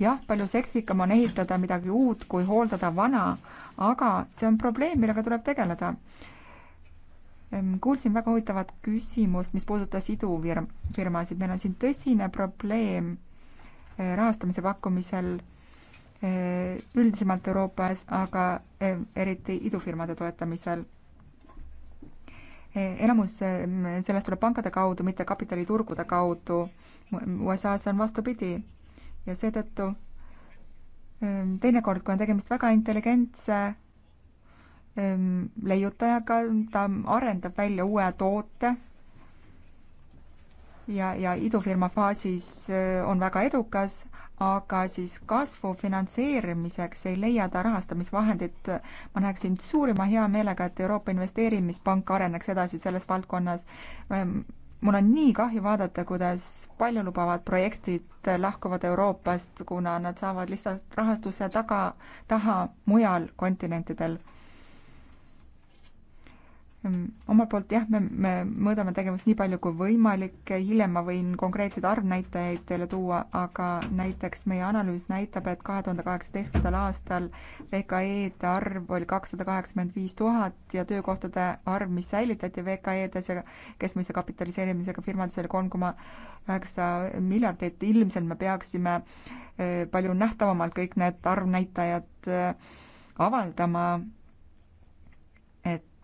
jah, palju seksikam on ehitada midagi uut, kui hooldada vana, aga see on probleem, millega tuleb tegeleda kuulsin väga huvitavat küsimust, mis puudutas idufirmasid, meil on siin tõsine probleem Eh, rahastamise pakkumisel eh, üldisemalt Euroopas, aga eh, eriti idufirmade toetamisel. enamus sellest tuleb pankade kaudu, mitte kapitaliturgude kaudu. USA-s on vastupidi ja seetõttu teinekord, kui on tegemist väga intelligentse leiutajaga, ta arendab välja uue toote ja, ja idufirma faasis äh, on väga edukas, aga siis kasvu finantseerimiseks ei leia ta rahastamisvahendit. ma näeksin suurima heameelega, et Euroopa Investeerimispank areneks edasi selles valdkonnas. Ähm, mul on nii kahju vaadata, kuidas paljulubavad projektid lahkuvad Euroopast, kuna nad saavad lihtsalt rahastuse taga, taha mujal kontinentidel Mm, omalt poolt jah, me, me mõõdame tegevust nii palju kui võimalik, hiljem ma võin konkreetseid arvnäitajaid teile tuua, aga näiteks meie analüüs näitab, et kahe tuhande kaheksateistkümnendal aastal VKE-de arv oli kakssada kaheksakümmend viis tuhat ja töökohtade arv, mis säilitati VKE-des ja keskmise kapitaliseerimisega firmades oli kolm koma üheksa miljardit, ilmselt me peaksime eh, palju nähtavamalt kõik need arvnäitajad eh, avaldama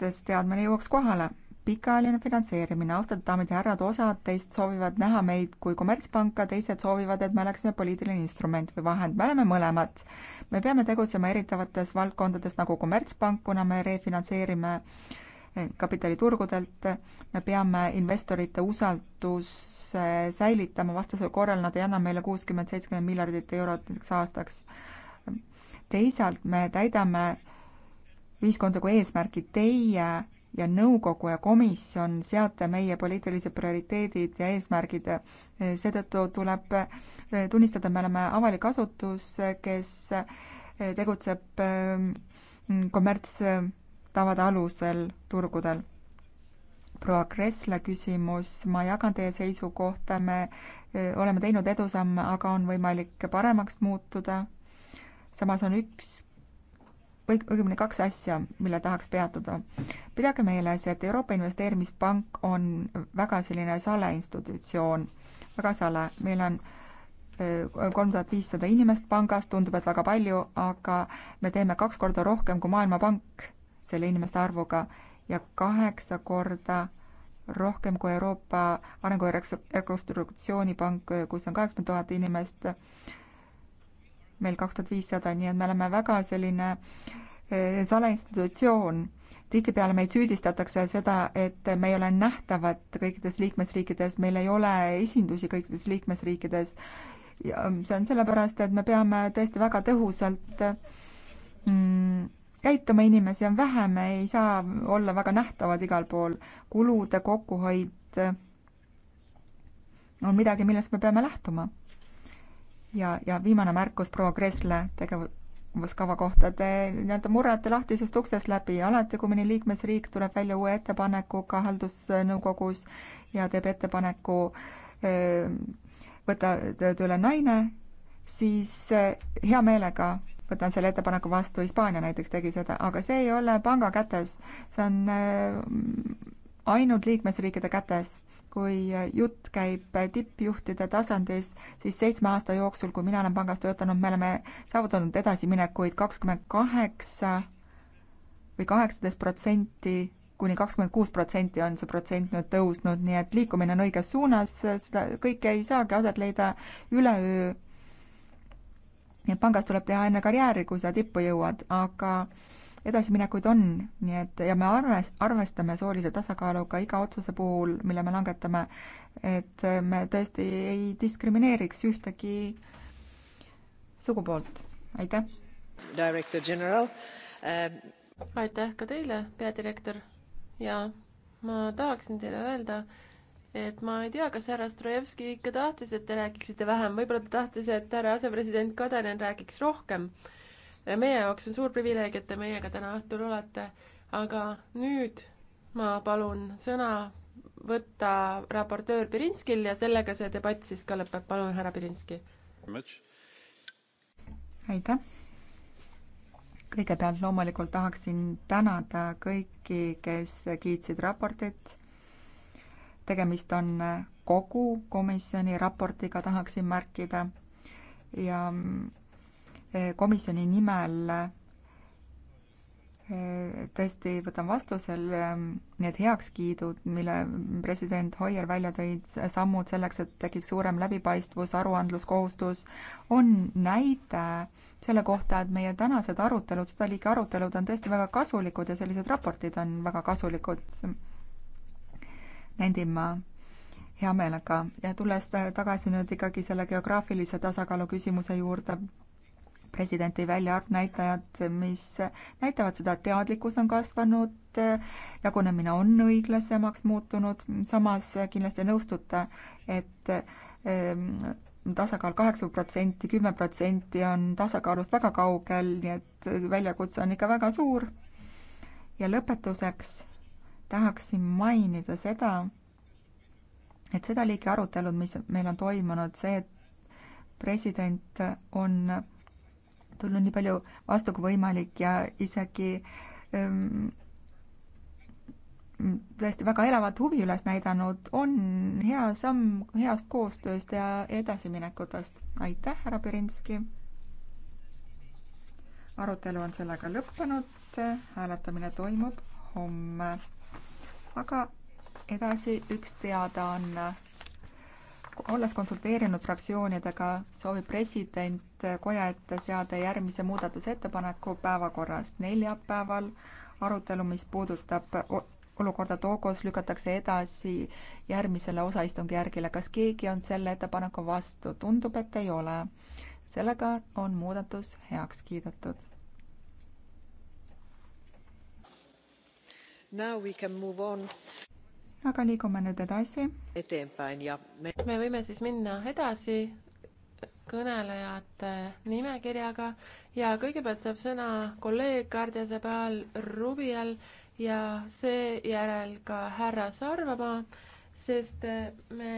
et see teadmine jõuaks kohale. pikaajaline finantseerimine, austatud daamid ja härrad, osad teist soovivad näha meid kui kommertspanka, teised soovivad, et me oleksime poliitiline instrument või vahend, me oleme mõlemad. me peame tegutsema erinevates valdkondades nagu kommertspank, kuna me refinantseerime eh, kapitaliturgudelt, me peame investorite usalduse säilitama, vastasel korral nad ei anna meile kuuskümmend, seitsekümmend miljardit eurot näiteks aastaks. teisalt me täidame ühiskonda kui eesmärki. Teie ja nõukogu ja komisjon seate meie poliitilised prioriteedid ja eesmärgid. seetõttu tuleb eh, tunnistada, me oleme avalik asutus, kes eh, tegutseb eh, kommertstavade alusel turgudel. proua Kressle küsimus, ma jagan teie seisukohta, me oleme teinud edusamme, aga on võimalik paremaks muutuda. samas on üks või õigemini kaks asja, mille tahaks peatuda. pidage meeles, et Euroopa Investeerimispank on väga selline sale institutsioon, väga sale, meil on äh, kolm tuhat viissada inimest pangas, tundub, et väga palju, aga me teeme kaks korda rohkem kui Maailmapank selle inimeste arvuga ja kaheksa korda rohkem kui Euroopa Arengu- ja Rekonstruktsioonipank, kus on kaheksakümmend tuhat inimest meil kaks tuhat viissada, nii et me oleme väga selline eh, salainstitutsioon. tihtipeale meid süüdistatakse seda, et me ei ole nähtavad kõikides liikmesriikides, meil ei ole esindusi kõikides liikmesriikides. ja mm, see on sellepärast, et me peame tõesti väga tõhusalt mm, käituma inimesi on vähe, me ei saa olla väga nähtavad igal pool. kulude kokkuhoid on midagi, millest me peame lähtuma ja, ja viimane märkus proua Kressle tegevuskava kohta. Te nii-öelda murrate lahtisest uksest läbi, alati kui mõni liikmesriik tuleb välja uue ettepanekuga haldusnõukogus ja teeb ettepaneku eh, võtta tööle naine, siis eh, hea meelega võtan selle ettepaneku vastu, Hispaania näiteks tegi seda, aga see ei ole panga kätes, see on eh, ainult liikmesriikide kätes kui jutt käib tippjuhtide tasandis, siis seitsme aasta jooksul, kui mina olen pangas töötanud, me oleme saavutanud edasiminekuid kakskümmend kaheksa või kaheksateist protsenti kuni kakskümmend kuus protsenti on see protsent nüüd tõusnud, nii et liikumine on õiges suunas, seda kõike ei saagi aset leida üleöö. nii et pangas tuleb teha enne karjääri, kui sa tippu jõuad, aga edasiminekuid on, nii et ja me arves-, arvestame soolise tasakaaluga iga otsuse puhul, mille me langetame, et me tõesti ei diskrimineeriks ühtegi sugupoolt, aitäh. Director General äh.... aitäh ka teile, peadirektor ja ma tahaksin teile öelda, et ma ei tea, kas härra Strojevski ikka tahtis, et te rääkiksite vähem, võib-olla ta tahtis, et härra asepresident Kadanen räägiks rohkem meie jaoks on suur privileeg, et te meiega täna õhtul olete, aga nüüd ma palun sõna võtta raportöör Pirinskil ja sellega see debatt siis ka lõpeb. palun, härra Pirinski. aitäh. kõigepealt loomulikult tahaksin tänada kõiki, kes kiitsid raportit. tegemist on kogu komisjoni raportiga, tahaksin märkida ja komisjoni nimel eh, tõesti võtan vastu selle, need heakskiidud, mille president Hoier välja tõi, sammud selleks, et tekiks suurem läbipaistvus, aruandluskohustus, on näide selle kohta, et meie tänased arutelud, seda liiki arutelud on tõesti väga kasulikud ja sellised raportid on väga kasulikud. nendin ma hea meelega ja tulles tagasi nüüd ikkagi selle geograafilise tasakaalu küsimuse juurde, presidendi välja arvnäitajad, mis näitavad seda, et teadlikkus on kasvanud, jagunemine on õiglasemaks muutunud, samas kindlasti nõustute, et ehm, tasakaal kaheksa protsenti, kümme protsenti on tasakaalust väga kaugel, nii et väljakutse on ikka väga suur. ja lõpetuseks tahaksin mainida seda, et seda liiki arutelud, mis meil on toimunud, see, et president on tulnud nii palju vastu kui võimalik ja isegi ähm, tõesti väga elavat huvi üles näidanud, on hea samm heast koostööst ja edasiminekutest. aitäh, härra Pirinski! arutelu on sellega lõppenud, hääletamine toimub homme. aga edasi üks teadaanne olles konsulteerinud fraktsioonidega, soovib president koja ette seada järgmise muudatusettepaneku päevakorrast neljapäeval. arutelu, mis puudutab olukorda Togos, lükatakse edasi järgmisele osaistungjärgile. kas keegi on selle ettepaneku vastu? tundub, et ei ole. sellega on muudatus heaks kiidetud. Now we can move on aga liigume nüüd edasi. me võime siis minna edasi kõnelejate nimekirjaga ja kõigepealt saab sõna kolleeg Kardia Zabal Rubial ja seejärel ka härra Sarvamaa, sest me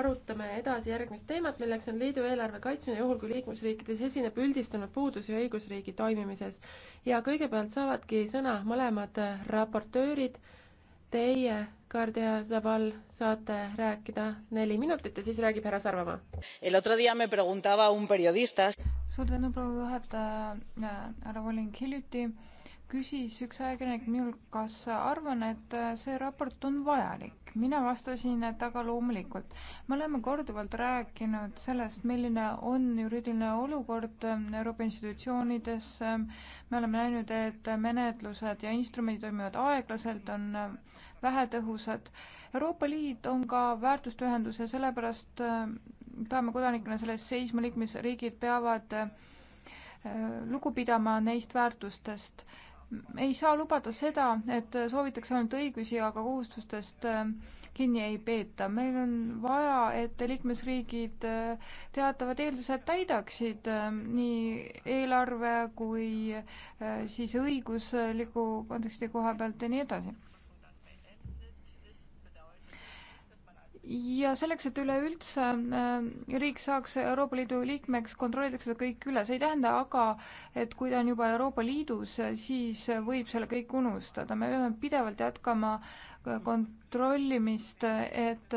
arutame edasi järgmist teemat, milleks on liidu eelarve kaitsmine juhul, kui liikmesriikides esineb üldistunud puudusi õigusriigi toimimises. ja kõigepealt saavadki sõna mõlemad raportöörid Teie, Kardia Zabal, saate rääkida neli minutit ja siis räägib härra Sarvamaa. suur tänu, proua juhataja, äh, härra Volling, hiljuti küsis üks ajakirjanik minul, kas arvan, et äh, see raport on vajalik mina vastasin, et aga loomulikult. me oleme korduvalt rääkinud sellest, milline on juriidiline olukord Euroopa institutsioonides. me oleme näinud, et menetlused ja instrumendid toimivad aeglaselt, on vähetõhusad. Euroopa Liit on ka väärtuste ühendus ja sellepärast peame kodanikena selle eest seisma, liikmesriigid peavad äh, lugu pidama neist väärtustest ei saa lubada seda, et soovitakse ainult õigusi, aga kohustustest äh, kinni ei peeta. meil on vaja, et liikmesriigid äh, teatavad eeldused täidaksid äh, nii eelarve kui siis õigusliku konteksti koha pealt ja nii edasi ja selleks, et üleüldse äh, riik saaks Euroopa Liidu liikmeks, kontrollitakse seda kõik üle, see ei tähenda aga, et kui ta on juba Euroopa Liidus, siis võib selle kõik unustada, me peame pidevalt jätkama kontrollimist, et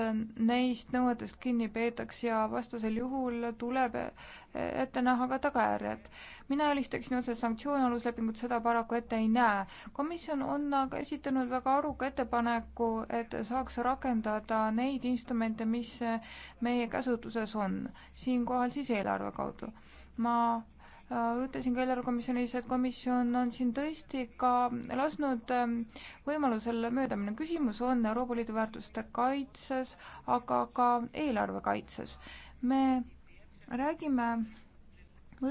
neist nõuetest kinni peetaks ja vastasel juhul tuleb ette näha ka tagajärjed. mina eelistaksin otse sanktsioone, aluslepingut seda paraku ette ei näe. komisjon on aga esitanud väga aruka ettepaneku, et saaks rakendada neid instrumente, mis meie käsutuses on, siinkohal siis eelarve kaudu. ma Äh, ütlesin ka eelarvekomisjonis, et komisjon on siin tõesti ka lasknud ähm, võimalusel mööda minna. küsimus on Euroopa Liidu väärtuste kaitses, aga ka eelarve kaitses. me räägime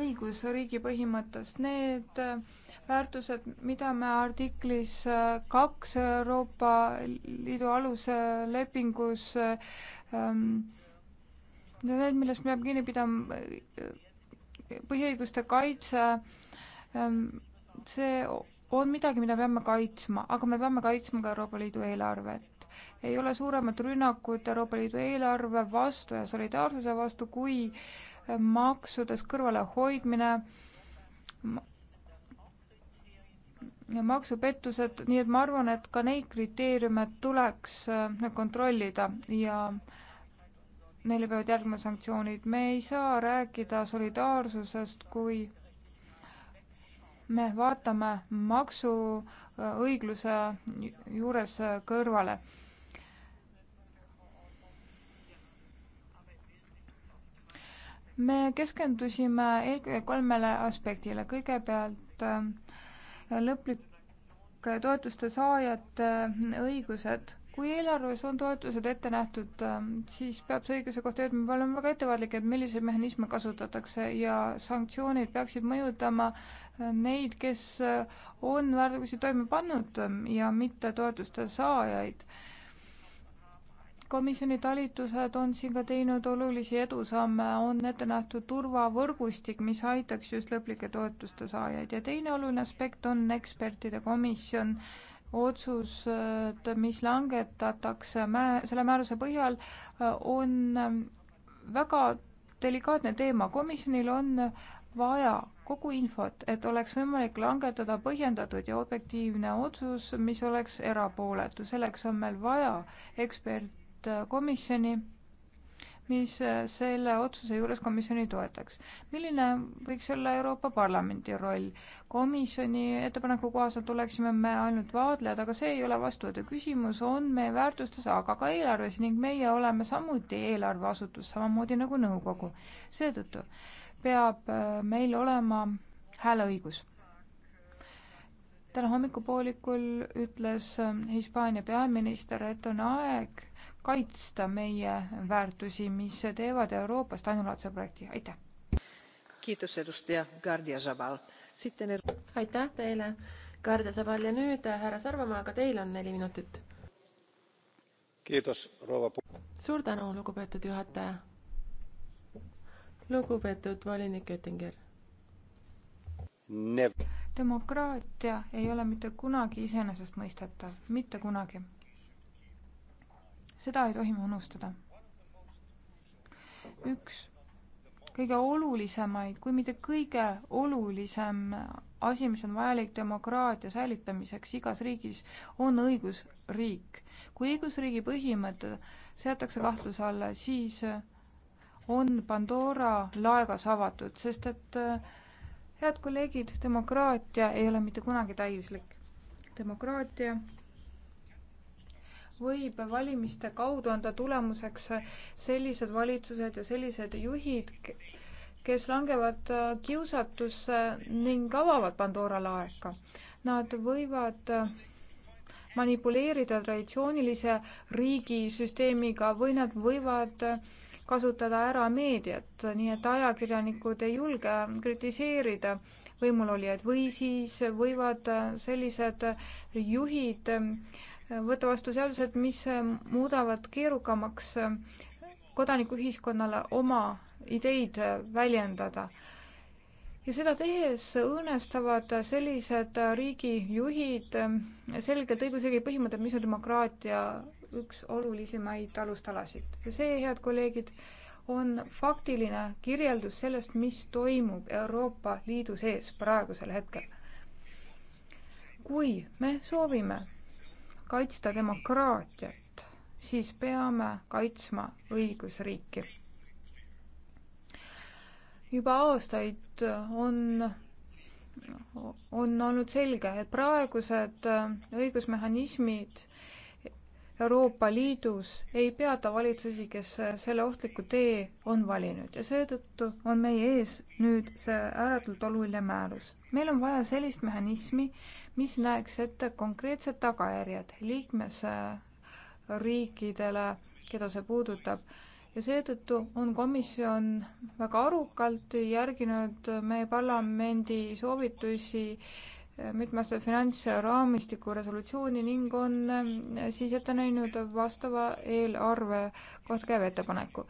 õigusriigi põhimõttest, need äh, väärtused, mida me artiklis äh, kaks Euroopa Liidu aluslepingus ähm, Need, millest peab kinni pidama põhiõiguste kaitse, ähm, see on midagi, mida peame kaitsma, aga me peame kaitsma ka Euroopa Liidu eelarvet. ei ole suuremat rünnakut Euroopa Liidu eelarve vastu ja solidaarsuse vastu kui äh, maksudest kõrvalehoidmine, maksupettused, nii et ma arvan, et ka neid kriteeriume tuleks äh, kontrollida ja äh, neile peavad järgnema sanktsioonid. me ei saa rääkida solidaarsusest, kui me vaatame maksuõigluse äh, juures äh, kõrvale. me keskendusime eelkõige kolmele aspektile. kõigepealt äh, lõplike toetuste saajate õigused kui eelarves on toetused ette nähtud, ähm, siis peab see õiguse kohta jõudma, me oleme väga ettevaatlikud, milliseid mehhanisme kasutatakse ja sanktsioonid peaksid mõjutama äh, neid, kes äh, on väärtegusid toime pannud ähm, ja mitte toetuste saajaid. komisjoni talitused on siin ka teinud olulisi edusamme, on ette nähtud turvavõrgustik, mis aitaks just lõplikke toetuste saajaid ja teine oluline aspekt on ekspertide komisjon otsused, mis langetatakse mä-, selle määruse põhjal, on väga delikaatne teema. komisjonil on vaja kogu infot, et oleks võimalik langetada põhjendatud ja objektiivne otsus, mis oleks erapooletu. selleks on meil vaja ekspertkomisjoni mis äh, selle otsuse juures komisjoni toetaks. milline võiks olla Euroopa Parlamendi roll? komisjoni ettepaneku kohaselt oleksime me ainult vaatlejad, aga see ei ole vastuvõetu. küsimus on meie väärtustes, aga ka eelarves ning meie oleme samuti eelarveasutus, samamoodi nagu nõukogu. seetõttu peab äh, meil olema hääleõigus täna hommikupoolikul ütles äh, Hispaania peaminister, et on aeg kaitsta meie väärtusi, mis teevad Euroopast ainulaadse projekti, aitäh! Er- aitäh teile, Gardia Zabal ja nüüd härra Sarvamaa, ka teil on neli minutit. suur tänu, lugupeetud juhataja. lugupeetud volinik Oettinger. demokraatia ei ole mitte kunagi iseenesestmõistetav, mitte kunagi seda ei tohi me unustada. üks kõige olulisemaid, kui mitte kõige olulisem asi, mis on vajalik demokraatia säilitamiseks igas riigis, on õigusriik. kui õigusriigi põhimõte seatakse kahtluse alla, siis on Pandora laegas avatud, sest et head kolleegid, demokraatia ei ole mitte kunagi täiuslik. demokraatia võib valimiste kaudu anda tulemuseks sellised valitsused ja sellised juhid, kes langevad äh, kiusatusse ning avavad Pandora laeka. Nad võivad äh, manipuleerida traditsioonilise riigisüsteemiga või nad võivad äh, kasutada ära meediat, nii et ajakirjanikud ei julge kritiseerida võimulolijaid või siis võivad sellised juhid äh, võtta vastu seadused, mis äh, muudavad keerukamaks äh, kodanikuühiskonnale oma ideid äh, väljendada. ja seda tehes õõnestavad sellised riigijuhid selgelt õigusriigi põhimõtted, mis on demokraatia üks olulisemaid alustalasid. ja see, head kolleegid, on faktiline kirjeldus sellest, mis toimub Euroopa Liidu sees praegusel hetkel. kui me soovime kaitsta demokraatiat, siis peame kaitsma õigusriiki. juba aastaid on on olnud selge, et praegused õigusmehhanismid Euroopa Liidus ei peata valitsusi, kes selle ohtliku tee on valinud ja seetõttu on meie ees nüüd see ääretult oluline määrus. meil on vaja sellist mehhanismi, mis näeks ette konkreetsed tagajärjed liikmesriikidele, keda see puudutab ja seetõttu on komisjon väga arukalt järginud meie parlamendi soovitusi mitmeaastase finantsraamistiku resolutsiooni ning on eh, siis ette näinud vastava eelarve kohta käiva ettepaneku.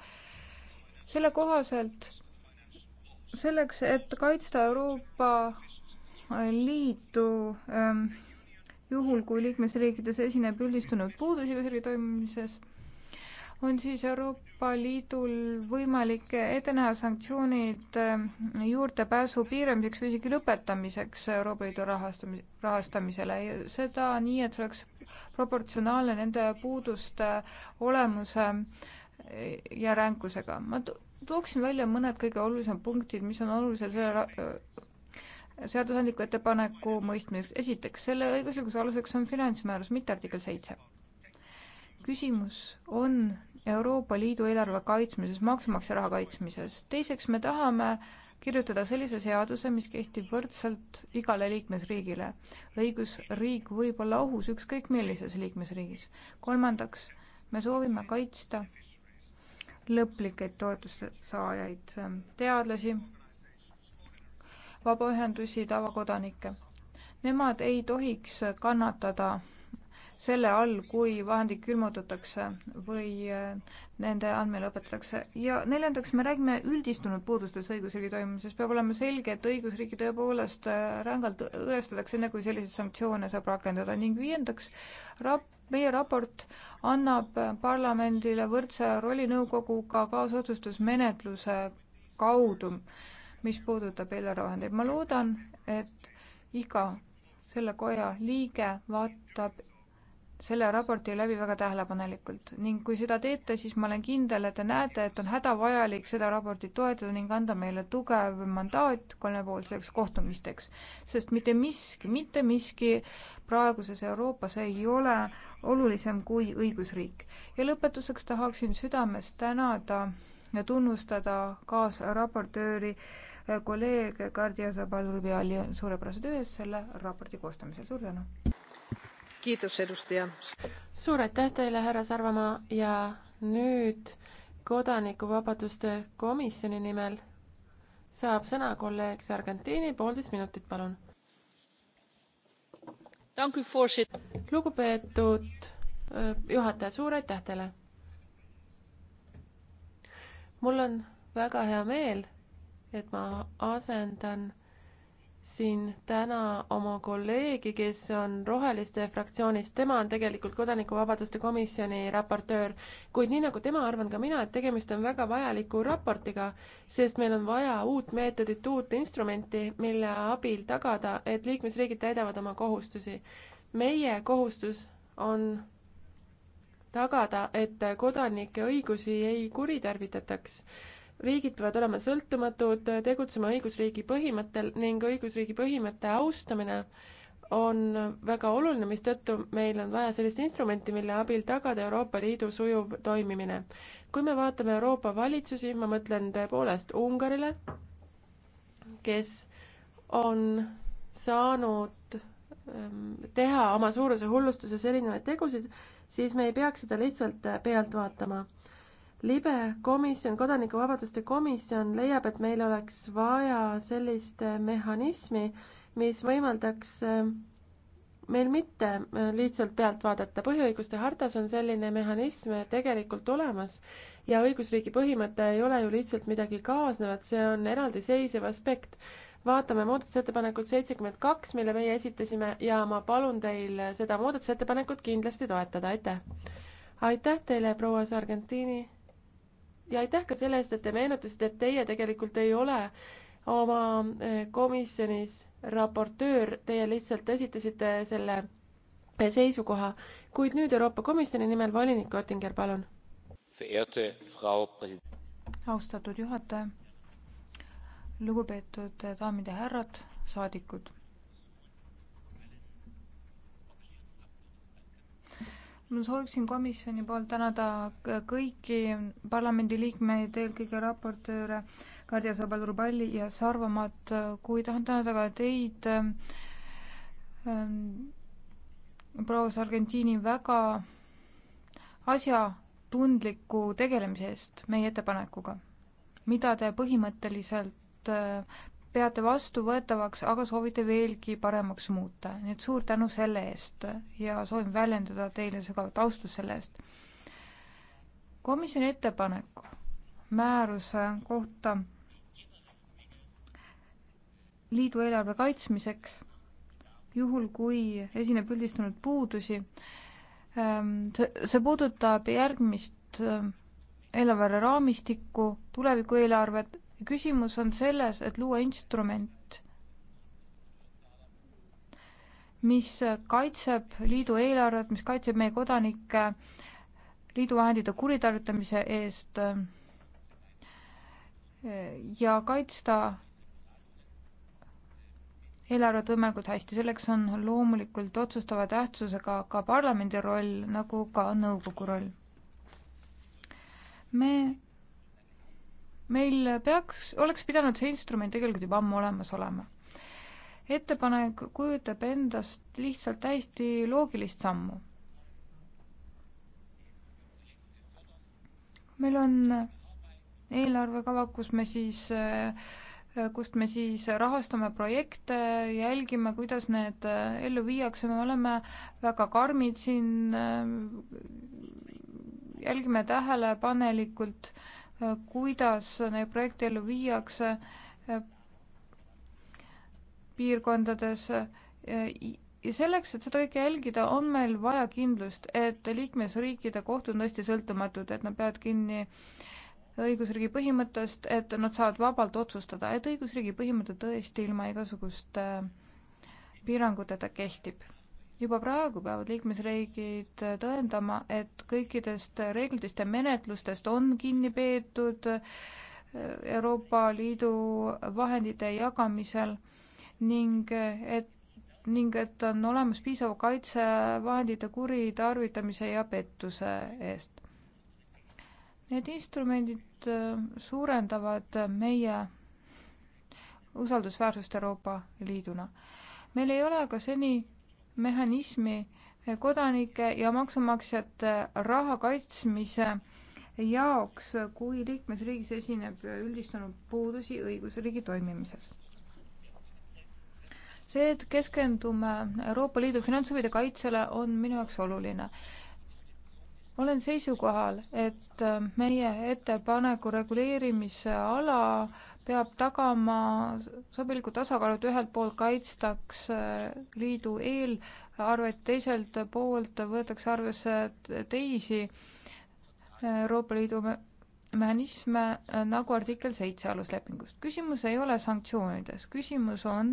selle kohaselt selleks, et kaitsta Euroopa Liitu ehm, juhul, kui liikmesriikides esineb üldistunud puudusi õigusriigi toimimises on siis Euroopa Liidul võimalik ette näha sanktsioonid eh, juurdepääsu piiramiseks või isegi lõpetamiseks Euroopa Liidu rahastamis, rahastamisele ja seda nii, et see oleks proportsionaalne nende puuduste olemuse eh, ja ränkusega. ma tooksin välja mõned kõige olulisemad punktid, mis on olulised selle eh, seadusandliku ettepaneku mõistmiseks. esiteks, selle õiguslikus aluseks on finantsmäärus, mitte artikkel seitse küsimus on Euroopa Liidu eelarve kaitsmises, maksumaksja raha kaitsmises. teiseks, me tahame kirjutada sellise seaduse, mis kehtib võrdselt igale liikmesriigile. õigusriik võib olla ohus ükskõik millises liikmesriigis. kolmandaks, me soovime kaitsta lõplikeid toetuste saajaid, teadlasi, vabaühendusi, tavakodanikke. Nemad ei tohiks kannatada selle all, kui vahendid külmutatakse või eh, nende andmeid lõpetatakse. ja neljandaks, me räägime üldistunud puudustest õigusriigi toimimises. peab olema selge, et õigusriigi tõepoolest eh, rängalt õõnestatakse, enne kui selliseid sanktsioone saab rakendada ning viiendaks, rap-, meie raport annab parlamendile võrdse rolli nõukoguga kaasotsustusmenetluse kaudu, mis puudutab eelarvevahendeid. ma loodan, et iga selle koja liige vaatab selle raporti läbi väga tähelepanelikult ning kui seda teete, siis ma olen kindel, et te näete, et on hädavajalik seda raportit toetada ning anda meile tugev mandaat kolmepoolseks kohtumisteks. sest mitte miski, mitte miski praeguses Euroopas ei ole olulisem kui õigusriik. ja lõpetuseks tahaksin südamest tänada ja tunnustada kaasraportööri kolleeg Gardia Zabal-Rubiali suurepärase töö eest selle raporti koostamisel. suur tänu! suur aitäh teile, härra Sarvamaa ja nüüd kodanikuvabaduste komisjoni nimel saab sõna kolleeg Sargentini, poolteist minutit, palun. lugupeetud äh, juhataja, suur aitäh teile. mul on väga hea meel, et ma asendan siin täna oma kolleegi, kes on Roheliste fraktsioonist, tema on tegelikult Kodanikuvabaduste komisjoni raportöör, kuid nii nagu tema, arvan ka mina, et tegemist on väga vajaliku raportiga, sest meil on vaja uut meetodit, uut instrumenti, mille abil tagada, et liikmesriigid täidavad oma kohustusi. meie kohustus on tagada, et kodanike õigusi ei kuritarvitataks riigid peavad olema sõltumatud, tegutsema õigusriigi põhimõttel ning õigusriigi põhimõtte austamine on väga oluline, mistõttu meil on vaja sellist instrumenti, mille abil tagada Euroopa Liidu sujuv toimimine. kui me vaatame Euroopa valitsusi, ma mõtlen tõepoolest Ungarile, kes on saanud ähm, teha oma suuruse hullustuses erinevaid tegusid, siis me ei peaks seda lihtsalt pealt vaatama libe komisjon, kodanikuvabaduste komisjon leiab, et meil oleks vaja sellist äh, mehhanismi, mis võimaldaks äh, meil mitte äh, lihtsalt pealt vaadata, põhiõiguste hartas on selline mehhanism tegelikult olemas ja õigusriigi põhimõte ei ole ju lihtsalt midagi kaasnevat, see on eraldiseisev aspekt. vaatame muudatusettepanekut seitsekümmend kaks, mille meie esitasime ja ma palun teil seda muudatusettepanekut kindlasti toetada, aitäh! aitäh teile, proua Sargentini! ja aitäh ka selle eest, et te meenutasite, et teie tegelikult ei ole oma eh, komisjonis raportöör, teie lihtsalt esitasite selle eh, seisukoha, kuid nüüd Euroopa Komisjoni nimel volinik Oettinger, palun. austatud juhataja, lugupeetud eh, daamid ja härrad, saadikud ma sooviksin komisjoni poolt tänada kõiki parlamendiliikmeid, eelkõige raportööre Kadri Sabal-Ruballi ja Sarvamaad, kuid tahan tänada ka teid ähm,, proua Sargentini, väga asjatundliku tegelemise eest meie ettepanekuga, mida te põhimõtteliselt äh, peate vastuvõetavaks, aga soovite veelgi paremaks muuta. nii et suur tänu selle eest ja soovin väljendada teile sügavat austust selle eest. komisjoni ettepanek määruse kohta liidu eelarve kaitsmiseks, juhul kui esineb üldistunud puudusi, ähm, see, see puudutab järgmist ähm, eelarveraamistikku, tulevikueelarvet ja küsimus on selles, et luua instrument, mis kaitseb liidu eelarvet, mis kaitseb meie kodanikke liidu vahendite kuritarvitamise eest ja kaitsta eelarvet võimalikult hästi, selleks on loomulikult otsustava tähtsusega ka parlamendi roll, nagu ka nõukogu roll. me meil peaks, oleks pidanud see instrument tegelikult juba ammu olemas olema. ettepanek kujutab endast lihtsalt täiesti loogilist sammu. meil on eelarvekava, kus me siis äh, kust me siis rahastame projekte, jälgime, kuidas need ellu viiakse, me oleme väga karmid siin, jälgime tähelepanelikult äh, kuidas neid projekte ellu viiakse eh, piirkondades eh, ja selleks, et seda kõike jälgida, on meil vaja kindlust, et liikmesriikide kohtud on tõesti sõltumatud, et nad peavad kinni õigusriigi põhimõttest, et nad saavad vabalt otsustada, et õigusriigi põhimõte tõesti ilma igasuguste eh, piiranguteta kehtib juba praegu peavad liikmesriigid tõendama, et kõikidest reeglitest ja menetlustest on kinni peetud eh, Euroopa Liidu vahendite jagamisel ning et ning et on olemas piisav kaitse vahendite kuritarvitamise ja pettuse eest. Need instrumendid eh, suurendavad meie usaldusväärsust Euroopa Liiduna. meil ei ole ka seni mehhanismi kodanike ja maksumaksjate raha kaitsmise jaoks, kui liikmesriigis esineb üldistunud puudusi õigusriigi toimimises. see, et keskendume Euroopa Liidu finantshuvide kaitsele, on minu jaoks oluline. olen seisukohal, et meie ettepaneku reguleerimise ala peab tagama sobiliku tasakaalu, et ühelt poolt kaitstaks äh, liidu eelarvet, teiselt poolt võetakse arvesse teisi äh, Euroopa Liidu mehhanisme äh, nagu artikkel seitse aluslepingust. küsimus ei ole sanktsioonides, küsimus on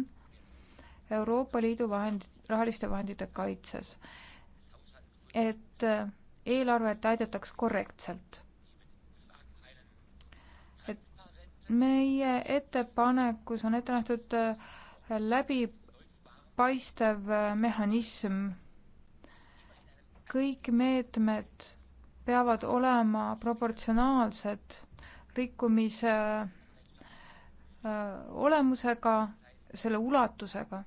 Euroopa Liidu vahend, rahaliste vahendite kaitses. et eelarvet täidetaks korrektselt meie ettepanekus on ette nähtud äh, läbipaistev äh, mehhanism. kõik meetmed peavad olema proportsionaalsed rikkumise äh, olemusega, selle ulatusega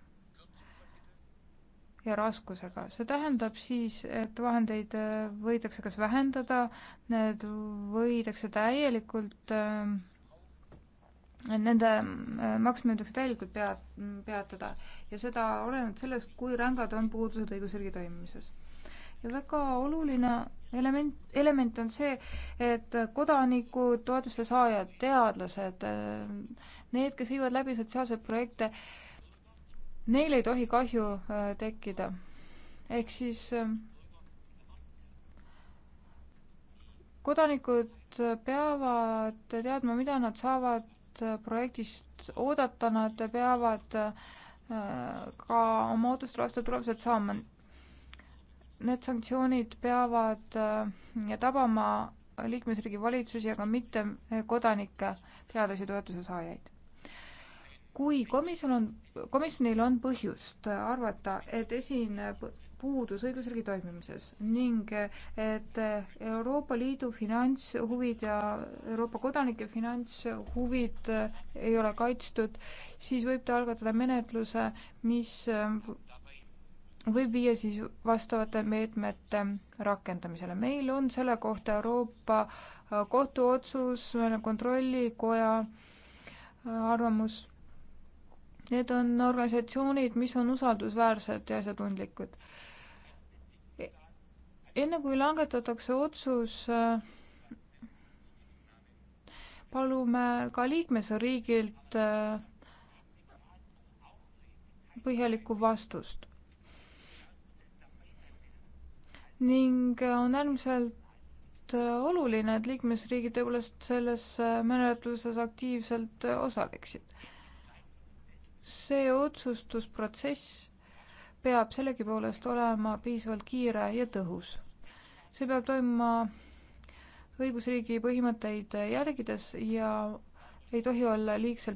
ja raskusega. see tähendab siis, et vahendeid võidakse kas vähendada, need võidakse täielikult äh, nende äh, maksmine tuleks täielikult pea, peatada ja seda olenemata sellest, kui rängad on puudused õigusriigi toimimises. ja väga oluline element, element on see, et kodanikud, toetuste saajad, teadlased, äh, need, kes viivad läbi sotsiaalseid projekte, neil ei tohi kahju äh, tekkida. ehk siis kodanikud peavad teadma, mida nad saavad Äh, projektist oodata, nad peavad äh, ka oma ootuste vastu tulemused saama. Need sanktsioonid peavad äh, tabama liikmesriigi valitsusi, aga mitte kodanikke, teadlasi toetuse saajaid. kui komisjon on, komisjonil on põhjust arvata, et esineb puudus õigusriigi toimimises ning et Euroopa Liidu finantshuvid ja Euroopa kodanike finantshuvid ei ole kaitstud, siis võib ta algatada menetluse, mis võib viia siis vastavate meetmete rakendamisele. meil on selle kohta Euroopa kohtuotsus, meil on kontrollikoja arvamus need on organisatsioonid, mis on usaldusväärsed ja asjatundlikud enne kui langetatakse otsus, äh, palume ka liikmesriigilt äh, põhjalikku vastust. ning äh, on äärmiselt oluline, et liikmesriigid tõepoolest selles menetluses aktiivselt osaleksid. see otsustusprotsess peab sellegipoolest olema piisavalt kiire ja tõhus. see peab toimuma õigusriigi põhimõtteid järgides ja ei tohi olla liigselt